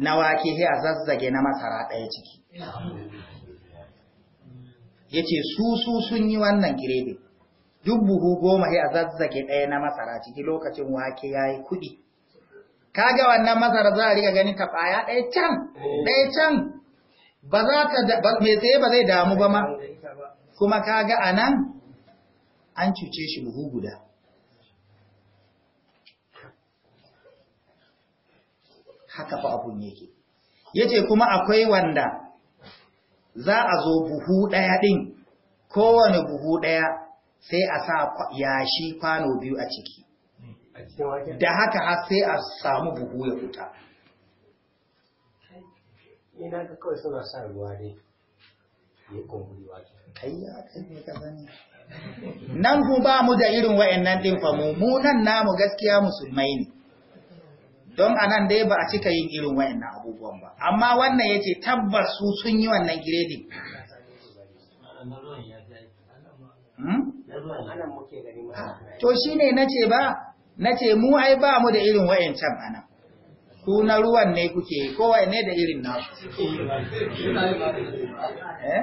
na wake sai a zazzage na masara ɗaya ciki ya ce su su sun yi wannan girebin duk buhu goma sai a zazzage ɗaya na masara ciki lokacin wake ya yi kuɗi kaga wannan masara za a riga ganin ta ɓaya ɗaya can ɗaya can ba za ta mai tsaye ba zai damu ba ma kuma kaga a nan an cuce shi buhu guda haka fa abun yake yace kuma akwai wanda za a zo buhu daya din kowane buhu daya sai a sa yashi kwano biyu a ciki da haka har sai a samu buhu ya fita ina ga kawai suna sa ruwa ne ya kumburi wake kai ya kai ne ka sani nan ku ba mu da irin wa'annan din fa mu mu nan namu gaskiya musulmai ne don a nan dai ba a cika yin irin wayannan abubuwan ba amma wannan ya ce tabbas su sun yi wannan giredin hmm? to shi ne na ce ba na ce mu ai ba mu da irin wayancan anan ku na ruwan ne kuke kowai ne da irin eh?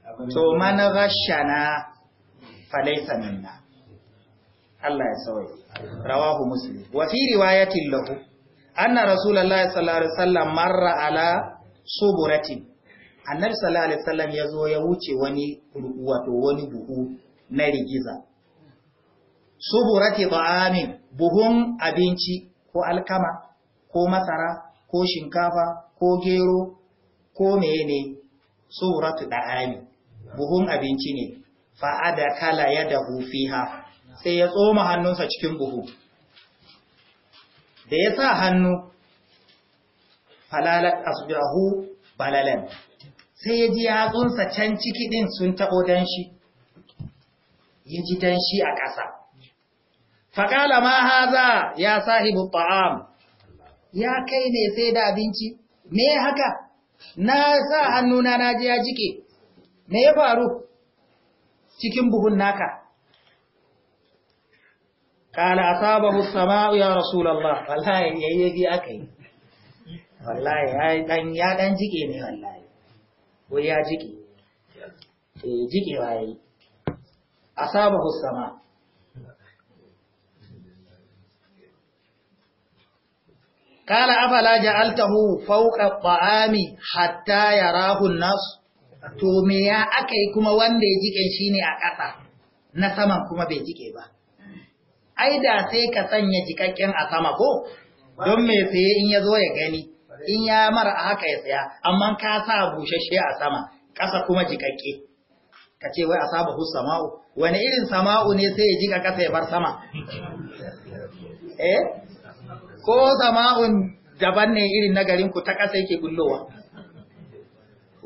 na to mana rashana falaisa minna Allah ya sauye rawahu muslim wa fi riwayatin lahu anna rasulullahi sallallahu alaihi wasallam marra ala suburatin annabi sallallahu alaihi wasallam yazo ya wuce wani wato wani buhu na rigiza suburati ta'amin buhun abinci ko alkama ko masara ko shinkafa ko gero ko mene suburatu da'ami buhun abinci ne fa'ada kala ya dahu fiha sai ya tsoma hannunsa cikin buhu da ya sa hannu falalat asbirahu balalan sai ya ji yatsunsa can ciki ɗin sun taɓo danshi ya ji danshi a ƙasa faƙala ma haza ya sahibu ta'am ya kai ne sai da abinci me haka na sa hannuna na ji ya jike me ya faru cikin buhun naka kala asabahu sama'u ya rasulullah wallahi yi akai wallahi ai dan ya dan jike ne wallahi ko ya jike eh jike waye asabahu sama kala afala ja'altahu fawqa ta'ami hatta yarahu an-nas to me ya aka yi kuma wanda ya jike shi ne a ƙasa na saman kuma bai jike ba ai da sai ka sanya jikakken a sama ko don me saye in ya zo ya gani in ya mara a haka ya saya amma ka sa bushashe a sama ƙasa kuma jikakke ka ce wai a saba hu sama'u wani irin sama'u ne sai ya jika ƙasa ya bar sama eh ko sama'un daban ne irin na ku ta ƙasa yake gullowa?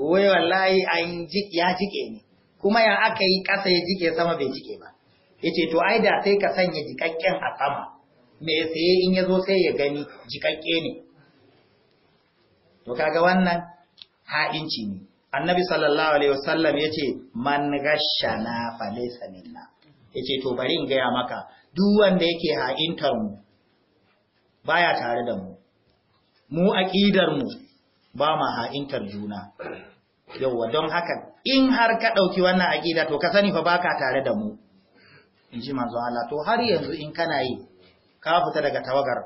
wai wallahi an ya jike ni kuma ya aka yi ƙasa ya jike sama bai jike ba yace to ai da sai ka sanya jikakken a sama me sai in yazo sai ya gani jikakke ne to kaga wannan ha'inci ne annabi sallallahu alaihi wasallam yace man ghashana laysa minna yace to bari in gaya maka duk wanda yake ha'intar mu baya tare da mu mu aqidar mu ba ma ha'intar juna yauwa don haka in har ka ɗauki wannan aƙida to ka sani fa baka tare da mu in ji manzo Allah to har yanzu in kana yi ka fita daga tawagar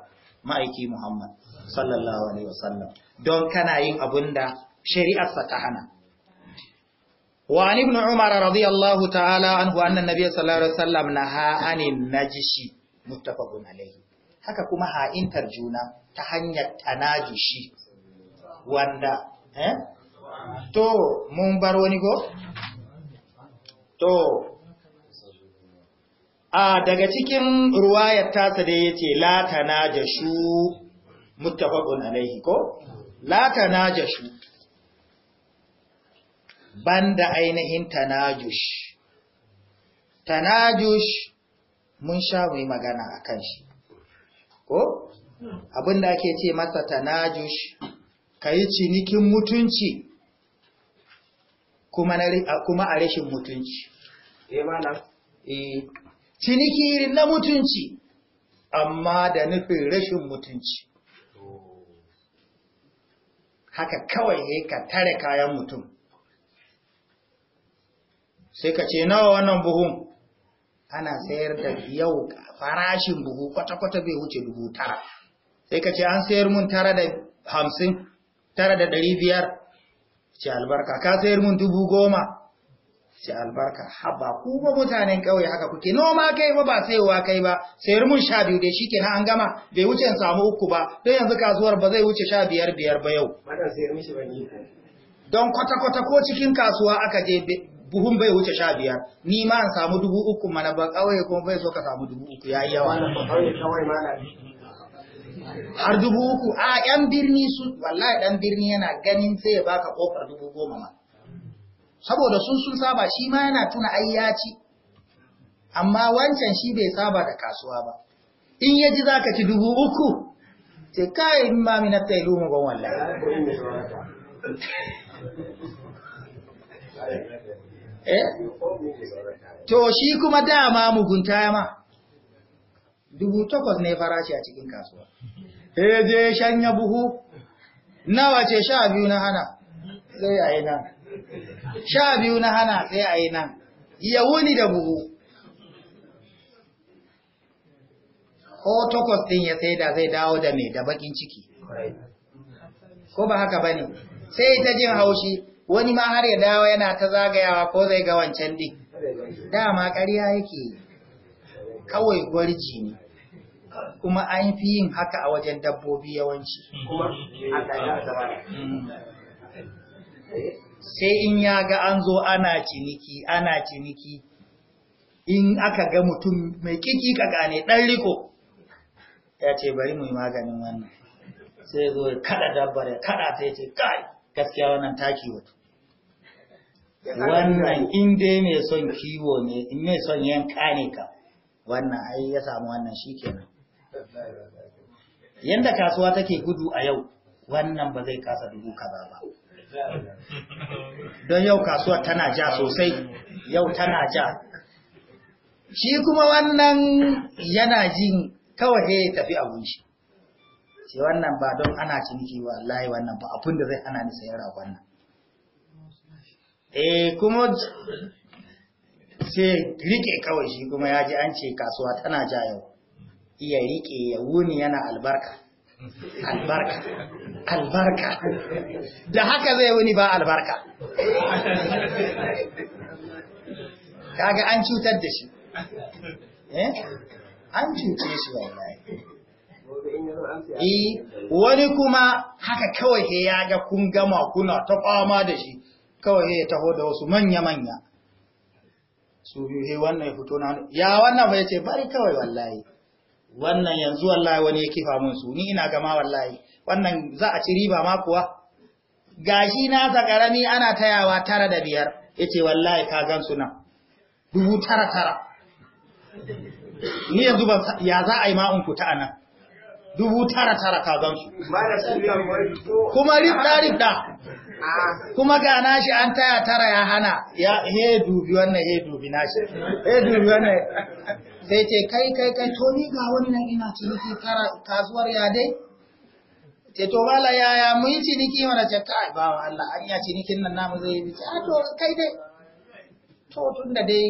ma'aiki Muhammad sallallahu alaihi wasallam don kana yin abinda shari'ar sa ta hana wa an ibn umar radiyallahu ta'ala anhu anna nabiy sallallahu alaihi wasallam naha anin najshi muttafaqun alaihi haka kuma ha'intar juna ta hanyar tanajushi wanda eh to mun bar wani ko to a daga cikin ruwayar tasa da yace la tanajashu muttafaqun alayhi ko la tanajashu banda ainihin tanajush tanajush mun sha mai magana akan shi ko abinda ake ce masa tanajush ka yi cinikin mutunci kuma a rashin mutunci eh, eh. ciniki irin na mutunci amma da nufin rashin mutunci haka kawai ya ka tare kayan mutum sai ka ce nawa wannan buhun ana sayar da yau farashin buhu kwata-kwata bai wuce dubu tara sai ka ce an sayar mun tara da hamsin tara da ɗari biyar ce albarka ka sayar mun dubu goma ce albarka haba ku ba mutanen ƙauye haka kuke noma kai ba ba sayowa kai ba sayar mun sha biyu da shi kenan an gama bai wuce in samu uku ba don yanzu kasuwar ba zai wuce sha biyar biyar ba yau don kwata-kwata ko cikin kasuwa aka je buhun bai wuce sha biyar ni ma an samu dubu uku mana ba ƙauye kuma bai so ka samu dubu uku ya yi yawa har dubu uku a yan birni su wallahi ɗan birni yana ganin sai ya baka kofar dubu goma ma saboda sun sun saba shi ma yana tuna ai ya ci amma wancan shi bai saba da kasuwa ba in ya ji zaka ci dubu uku ce kai in ma mi na yi lumu ban wallahi eh to shi kuma dama mugunta ma dubu takwas ne farashi a cikin kasuwa sai (laughs) eh, je shanya buhu nawa ce sha biyu na hana sai a yi nan sha biyu na hana sai a yi nan ya wuni da buhu ko takwas ɗin ya sai da zai dawo da mai da bakin ciki ko ba haka ba ne sai ta jin haushi wani ma har ya dawo yana ta zagayawa ko zai ga wancan ɗin dama ƙarya yake kawai gwarji ne kuma an fi yin haka a wajen dabbobi yawanci sai in ya ga an zo ana ciniki ana ciniki in aka ga mutum mai kiki ka gane ɗan riko ya ce bari mu yi maganin wannan sai zo ya kada dabbar ya kada ta ce kai gaskiya wannan taki wato wannan in dai mai son kiwo ne in mai son yanka ne ka wannan ai ya samu wannan shikenan yanda kasuwa take gudu a yau wannan ba zai kasa dubu kaza ba don yau kasuwa tana ja sosai yau tana ja shi kuma wannan yana jin kawai ya tafi abinci shi wannan ba don ana ciniki wallahi wannan ba abin da zai ana ni sayar a wannan eh kuma sai rike kawai shi kuma ya ji an ce kasuwa tana ja yau iya rike ya wuni yana albarka albarka albarka da haka zai wuni ba albarka kaga an cutar da shi eh an cuce shi wallahi E, wani kuma haka kawai ya ga kun gama kuna ta fama da shi, kawai ya taho da wasu manya-manya. Su biyu he wannan ya fito na ya wannan bai ce bari kawai wallahi. wannan yanzu wallahi wani ya kifa mun su ni ina gama wallahi wannan za a ci riba ma kuwa gashi na zakarami ana tayawa tara da biyar yace wallahi ka gan su nan dubu tara tara ni yanzu ba ya za a yi ma in ta anan dubu tara tara ka gan su kuma rifda rifda kuma ga nashi an taya tara ya hana ya he dubi wannan he dubi nashi he dubi wannan sai ce kai kai kai to ni ga wannan ina ciniki tara kasuwar ya dai ce to ya yaya mun ciniki mana ce kai ba Allah an ya cinikin nan namu zai yi ce ah, a to kai dai to tunda dai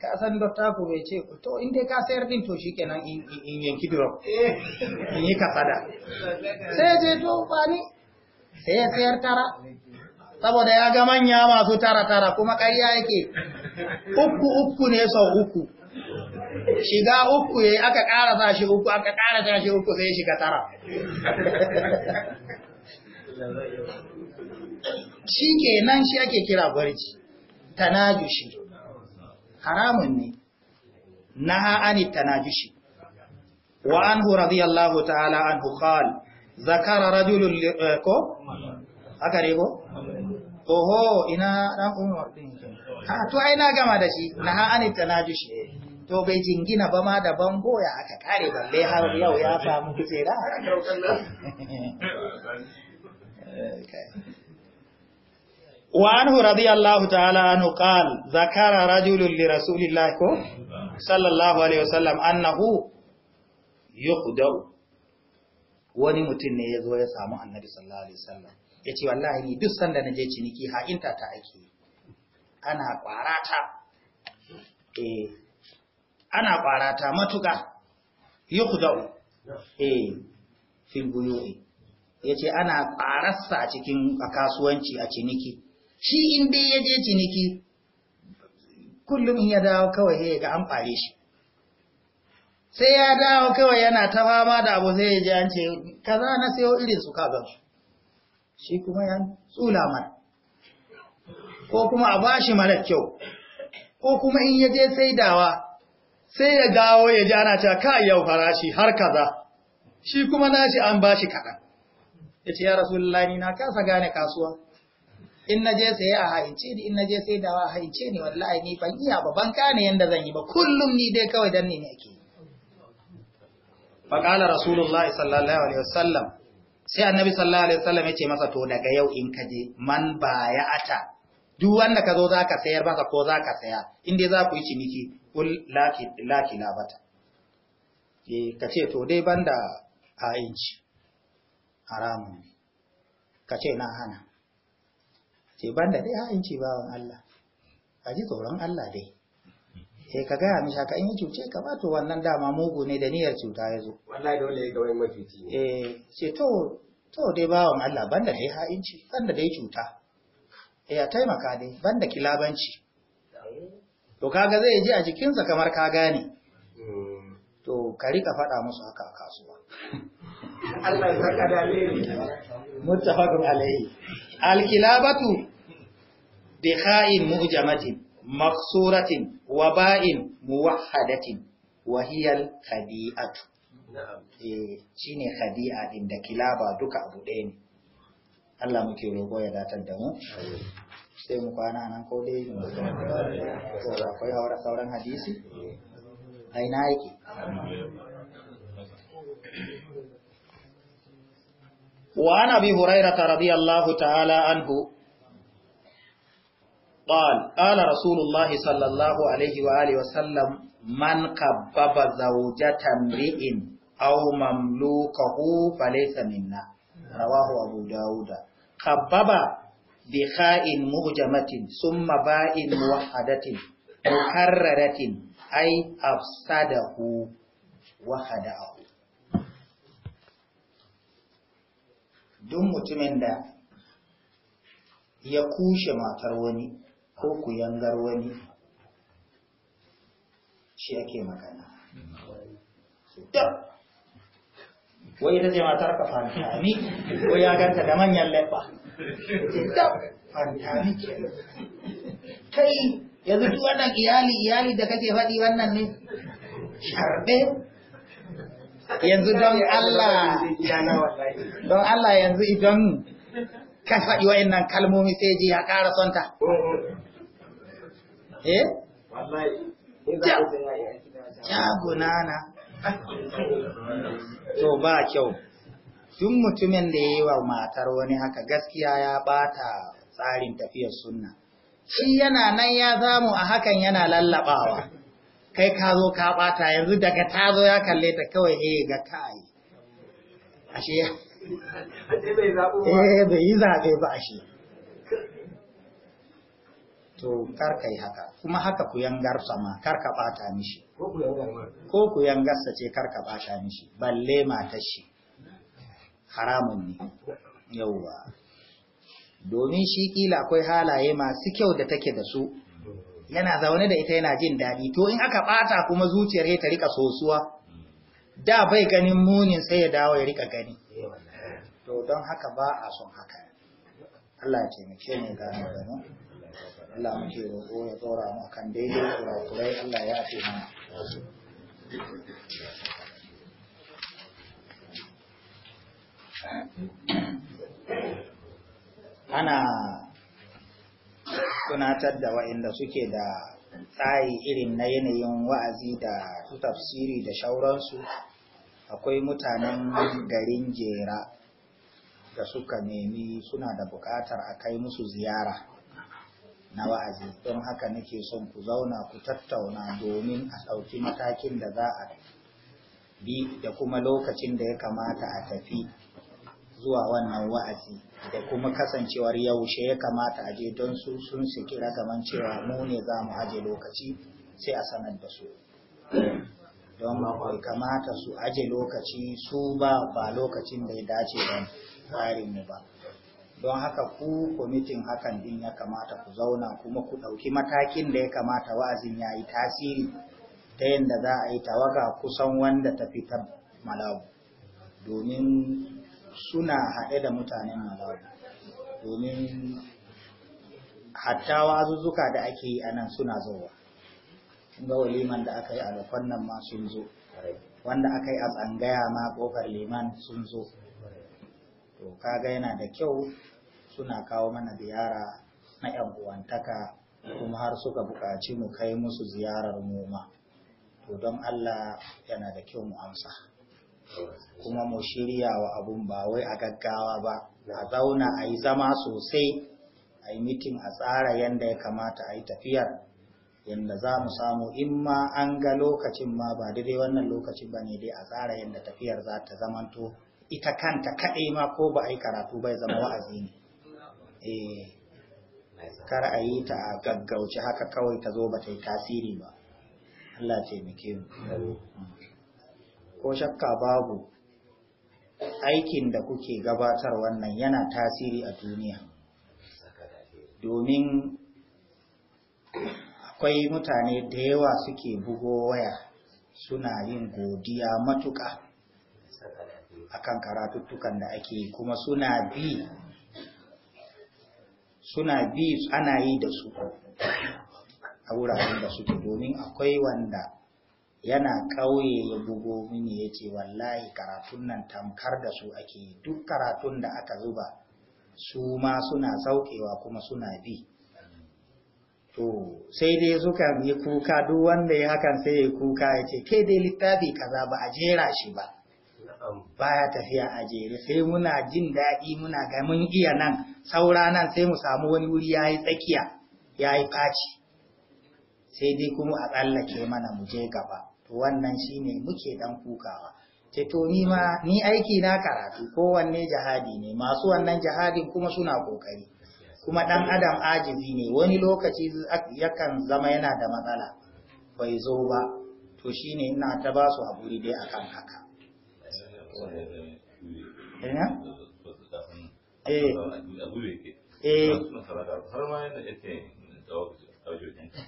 ka san dokta ko bai ce to in dai ka sayar din to shikenan in yanki duro, eh. in yi kafada sai je to ba ni sai ya sayar tara saboda ya ga manya masu tara tara kuma ƙarya yake uku uku ne sau uku shiga uku ya aka ƙara tashi uku aka ƙara tashi uku sai shiga tara shi ke nan shi ake kira barci tanajushi haramun ne na ha'ani tanajushi wa anhu radiyallahu ta'ala anhu qala zakara rajulun eh, ko haka ne ko oho ina dan umar din ha to ai na gama da shi na ha anita najushi to bai jingina ba ma da bango ya aka kare balle har yau ya samu kujera وعنه رضي الله تعالى عنه قال ذكر رجل لرسول الله صلى الله عليه وسلم أنه يخدأ wani mutum ne ya zo ya samu annabi sallallahu alaihi wasallam ya ce wallahi ni duk sanda na je ciniki ha'inta ta ake ana kwarata eh ana kwarata matuka yukhdau eh fil buyu'i yace ana kwararsa a cikin kasuwanci a ciniki shi in dai ya je ciniki kullum in ya dawo kawai ya ga an fare shi sai ya dawo kawai yana ta fama da abu zai yi ji an ce kaza na sayo irin su kaga su shi kuma ya tsula mana ko kuma a bashi mara kyau ko kuma in yaje sai dawa, sai ya dawo ya ji ana cewa kai yau farashi har kaza shi kuma nashi an bashi kaɗan ya ce ya rasulullahi na kasa gane kasuwa in na je sai a haice ni in na je sai dawa haice ni wallahi ni ban iya ba ban kane yanda zan yi ba kullum ni dai kawai dan ne ake faƙala rasulullahi sallallahu alaihi wasallam sai annabi sallallahu alaihi wasallam ya ce masa to daga yau in ka je man baya ata duk wanda ka zo za ka sayar masa ko za ka saya inda za ku yi ciniki kul laki labata eh, ka ce to dai banda ha'inci haramun ne ka ce na hana ce banda dai ha'inci bawan Allah ka ji tsoron Allah dai sai ka gaya mishi haka in yi cuce ka ba to wannan dama mugu ne da niyyar cuta ya zo wallahi dole ya ga wani macuci ne eh ce to to dai bawan Allah banda ya ha'inci banda ya cuta eh ya taimaka dai banda kilabanci to kaga zai ji a jikinsa kamar ka gane hmm. to ka rika faɗa musu haka a kasuwa Allah ya saka da alheri Mutafakun alayhi alkilabatu bi kha'in mu'jamatin maqsuratin waba'in muwahhadatin wahiyal khadi'atu eh shine khadi'a din da kilaba duka abu ɗaya ne Allah muke roƙo ya datar da mu sai mu kwana nan ko dai mu to akwai haura sauran hadisi ai na yake وعن أبي هريرة رضي الله ta'ala anhu. قال قال رسول الله صلى الله عليه وآله وسلم من كبب زوجة امرئ أو مملوكه فليس منا رواه أبو داود كبب بخاء مهجمة ثم باء موحدة محررة أي أفسده وخدعه دم متمن ya kushe matar wani ko ku yangar wani shi ake magana wai ita ce matar ka fantami ko ya ganta da manyan leɓa fantami ke kai yanzu duk wannan iyali iyali da kake faɗi wannan ne sharbe yanzu don Allah don Allah yanzu idan ka faɗi nan kalmomi sai ji ya ƙara sonta Eh? jagunana to ba kyau tun mutumin da ya yi wa matar wani haka gaskiya ya bata tsarin tafiyar sunna shi yana nan ya zamu a hakan yana lallabawa kai ka zo ka bata yanzu daga ta zo ya kalle ta kawai eh ga kai ashe eh bai yi zaɓe ba ashe to kar kai haka kuma haka ku yangar sama, kar ka bata mishi ko ku yangarsa ce kar ka bata mishi balle matar shi haramun ne yauwa domin shi kila akwai halaye masu kyau da take da su yana zaune da ita yana jin daɗi to in aka ɓata kuma zuciyar ya ta rika sosuwa da bai ganin munin sai ya dawo ya rika gani to don haka ba a son haka Allah ya taimake mu gano gano Allah muke roƙo ya tsora mu kan daidai kurakurai Allah ya ce mana ana tunatar da waɗanda suke da tsayi irin na yanayin wa'azi da su tafsiri da shauransu akwai mutanen garin jera da suka nemi suna da buƙatar a kai musu ziyara na wa'azi don haka nake son ku zauna ku tattauna domin a ɗauki matakin da za a bi da kuma lokacin da ya kamata a tafi zuwa wannan wa'azi da kuma kasancewar yaushe ya kamata a je don su sun siki ragaman cewa mu ne za mu aje lokaci sai a sanar da su don bai kamata su aje lokaci su ba ba lokacin da ya dace don mu ba don haka ku kwamitin hakan din ya kamata ku zauna kuma ku ɗauki matakin da ya kamata wa'azin ya yi tasiri ta yadda za a yi tawaga kusan wanda ta ta malawu domin suna haɗe da mutanen malawu domin hatta wazuzzuka da ake yi a nan suna zowa ga waliman da aka yi a lokon nan ma sun zo wanda aka yi a tsangaya ma ƙofar liman sun zo to kaga yana da kyau suna kawo mana ziyara na ‘yan uwantaka kuma har suka buƙaci mu kai musu ziyarar noma to don Allah yana da kyau mu amsa kuma mu shirya wa abun ba wai a gaggawa ba a zauna a yi zama sosai a yi mitin a tsara yadda ya kamata a yi tafiyar yadda za mu samu in ma an ga lokacin ma ba daidai wannan lokacin ba ne dai a tsara yadda tafiyar za ta zamanto ita kanta kaɗai ma ko ba a yi karatu bai zama wa'azi ne eh kar a yi ta a gaggauce haka kawai ta zo ba ta yi tasiri ba Allah taimake mu mm. ko shakka babu aikin da kuke gabatar wannan yana tasiri a duniya domin akwai mutane da yawa suke bugo waya suna yin godiya matuƙa akan karatuttukan da ake kuma suna bi suna bi ana yi da su a wuraren da suke domin akwai wanda yana ƙauye ya bugo mini ya ce wallahi karatun nan tamkar da su ake duk karatun da aka zuba su ma suna sauƙewa kuma suna bi to sai dai suka yi kuka duk wanda ya hakan sai ya kuka ya ce ke dai littafi kaza ba a jera shi ba baya tafiya a jere sai muna jin daɗi muna ga mun iya nan saura nan sai mu samu wani wuri yayi tsakiya yayi faci sai dai kuma a tsallake mana mu je gaba to wannan shine muke dan kukawa ce to ni ma ni aiki na karatu kowanne jihadi ne masu wannan jihadin kuma suna kokari kuma dan adam ajibi ne wani lokaci yakan zama yana da matsala bai zo ba to shine ina ta basu su haƙuri dai akan haka Eh. Eh.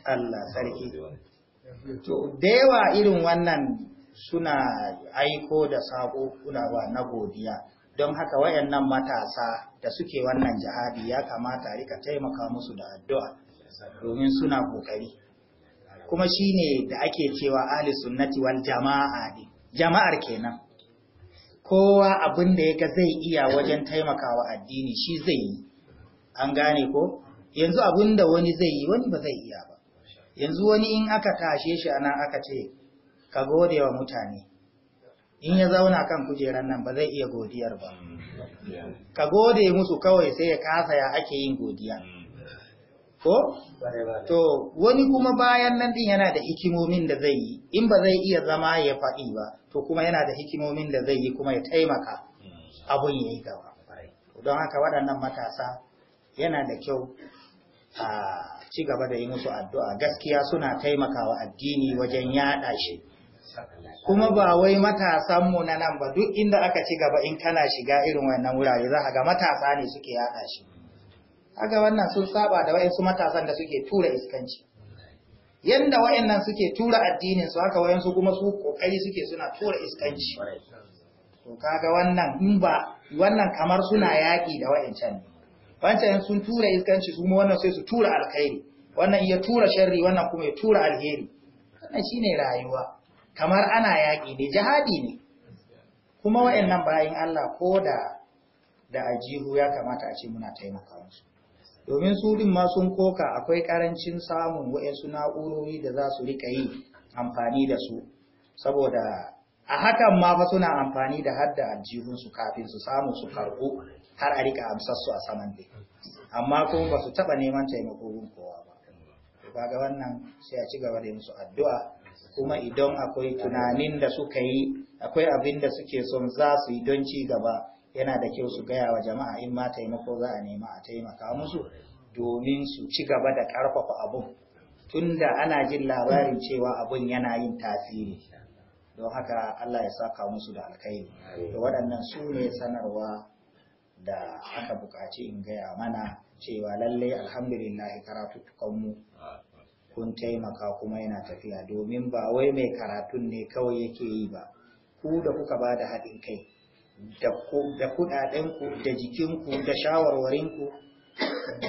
Allah sarki da yawa irin wannan suna aiko da sako kulawa na godiya don haka wayannan matasa da suke wannan jihadi ya kamata rika taimaka musu da addu'a domin suna kokari kuma shine da ake cewa ahli sunnati wal jama'a ne jama'ar kenan kowa abin da ya ga zai iya wajen taimakawa addini shi zai yi an gane ko yanzu abin da wani zai yi wani ba zai iya ba yanzu wani in aka tashe shi anan aka ce ka gode wa mutane in ya zauna kan kujerar nan ba zai iya godiyar ba mm. ka gode musu kawai sai ya kasa ya ake yin godiya mm. ko to wani kuma bayan nan din yana da hikimomin da zai yi in ba zai iya zama ya faɗi ba to kuma yana da hikimomin da zai yi kuma ya taimaka mm. abun ya yi gaba don haka waɗannan matasa yana da kyau a ci gaba da yi musu addu'a gaskiya suna taimakawa addini wajen yaɗa shi kuma ba wai matasanmu na nan ba duk inda aka ci gaba in kana shiga irin wannan wurare za ga matasa ne suke yaɗa shi kaga wannan sun saba da wayansu matasan da suke tura iskanci yanda wayannan suke tura addinin su haka wayansu kuma su kokari suke suna tura iskanci to kaga wannan in ba wannan kamar suna yaki da wayancan wancan sun tura iskanci su kuma wannan sai su tura alkhairi wannan ya tura sharri wannan kuma ya tura alheri wannan shine rayuwa kamar ana yaki ne jihadi ne kuma wayannan bayin Allah ko da da ajihu ya kamata a ce muna taimaka musu domin su din ma sun koka akwai karancin samun wa'yansu na'urori da za su rika yi amfani da su saboda a hakan ma fa suna amfani da hadda aljihunsu kafin su samu su karɓo har a rika su a saman dai amma kuma ba su taɓa neman taimako gun kowa ba kaga wannan sai a ci gaba da musu addu'a kuma idan akwai tunanin da suka yi akwai abin da suke son za su yi don ci gaba yana da kyau su gaya wa jama'a in ma taimako za a nema a taimaka musu domin su ci gaba da ƙarfafa abun tunda ana jin labarin cewa abun yana yin tasiri don haka Allah ya saka musu da alkhairi da waɗannan su ne sanarwa da aka buƙaci in gaya mana cewa lallai alhamdulillah mu kun taimaka kuma yana tafiya domin ba wai mai karatun ne kawai yake yi ba ku da kuka ba da haɗin kai da kudadenku da jikinku da shawarwarinku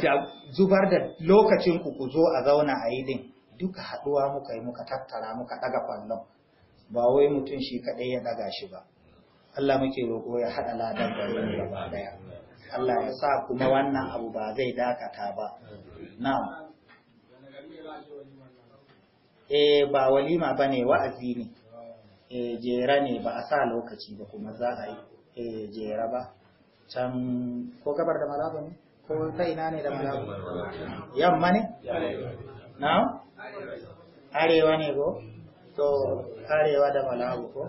da zubar da lokacinku ku zo a zauna a yi din duka haduwa muka yi muka tattara muka daga kwallon ba wai mutum shi kadai ya daga shi ba Allah muke roƙo ya haɗa ladan garin gaba daya Allah ya sa kuma wannan abu ba zai dakata ba na'am eh ba walima bane wa'azi ne eh jera ne ba a sa lokaci ba kuma za a yi eh jera ba can ko gabar da malaba ne ko ta ina ne da malaba yamma ne na arewa ne ko to arewa da malaba ko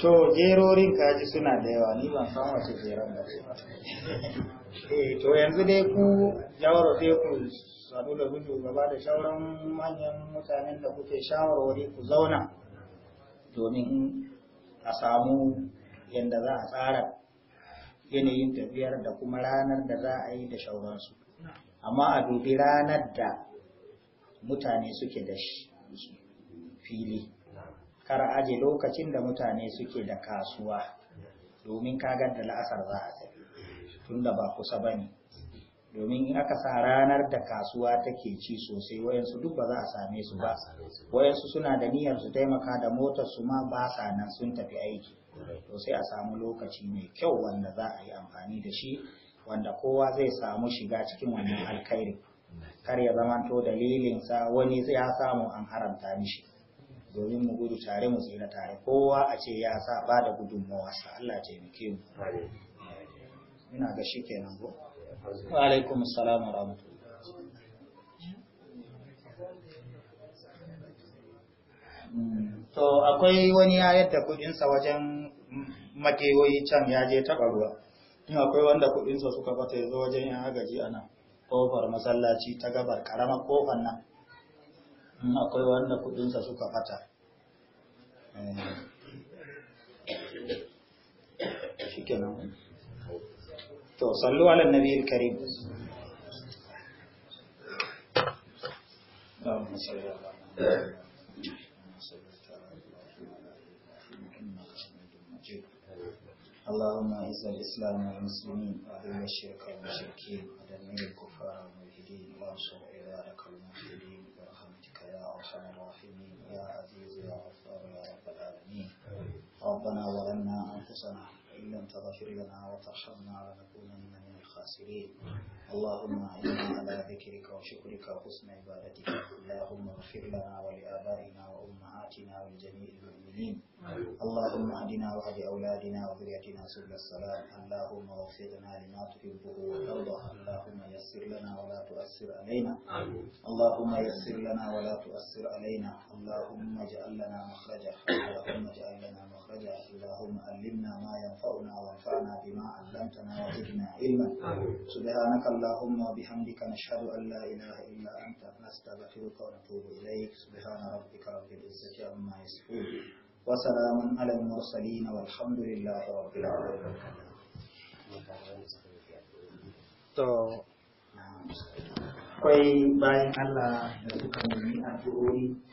to jerorin kaji suna da yawa ni ban san wace jeron ba eh to yanzu dai ku jawaro dai ku sadu da gudu gaba da shauran manyan mutanen da kuke shawarwari ku zauna domin a samu yadda za a tsara yanayin tafiyar da kuma ranar da za a yi da shauransu amma a dubi ranar da mutane suke da fili kar aje lokacin da mutane suke da kasuwa domin kagar da la'asar za a tafi tunda ba kusa ba ne domin in aka sa ranar da kasuwa take ci sosai wayansu duk ba za a same su ba wayansu suna da niyyar su taimaka da motar su ma ba sa nan sun tafi aiki to sai a samu lokaci mai kyau wanda za a yi amfani da shi wanda kowa zai samu shiga cikin wannan alkhairi kar ya zama to dalilin sa wani zai samu an haramta mishi domin mu gudu tare mu tsira tare kowa a ce ya sa ba da gudunmawa sa Allah ya taimake mu ina ga shi kenan ko Wa alaikum wa hmm, To akwai wani ya yadda kudinsa wajen makewoyi can ya je taɓa ruwa. In akwai wanda kudinsa suka bata ya zo wajen yan agaji a nan, kofar masallaci ta gabar karamar kofar nan. In hmm, akwai wanda kudinsa suka fata. Eh. Shi تو صلوا على النبي الكريم اللهم اللهم اعز الاسلام والمسلمين واذل الشرك والمشركين ودمر الكفار والملحدين وانصر عبادك الموحدين برحمتك يا ارحم الراحمين يا عزيز يا غفار يا رب العالمين ربنا ظلمنا انفسنا إن لم تغفر لنا وترحمنا لنكونن من الخاسرين اللهم أعنا على ذكرك وشكرك وحسن عبادتك اللهم اغفر لنا ولآبائنا وأمهاتنا ولجميع المؤمنين اللهم أهدنا واهد أولادنا وذريتنا سبل السلام اللهم وفقنا لما تحبه وترضى اللهم يسر لنا ولا تؤثر علينا اللهم يسر لنا ولا تؤثر علينا اللهم اجعل لنا مخرجا اللهم اجعل لنا مخرجا اللهم علمنا ما ينفعنا وانفعنا بما علمتنا وزدنا علما سبحانك اللهم وبحمدك نشهد أن لا إله إلا أنت نستغفرك ونتوب إليك سبحان ربك رب العزة عما يصفون وسلام على المرسلين والحمد لله رب العالمين to akwai bayan Allah da suka nemi addu'o'i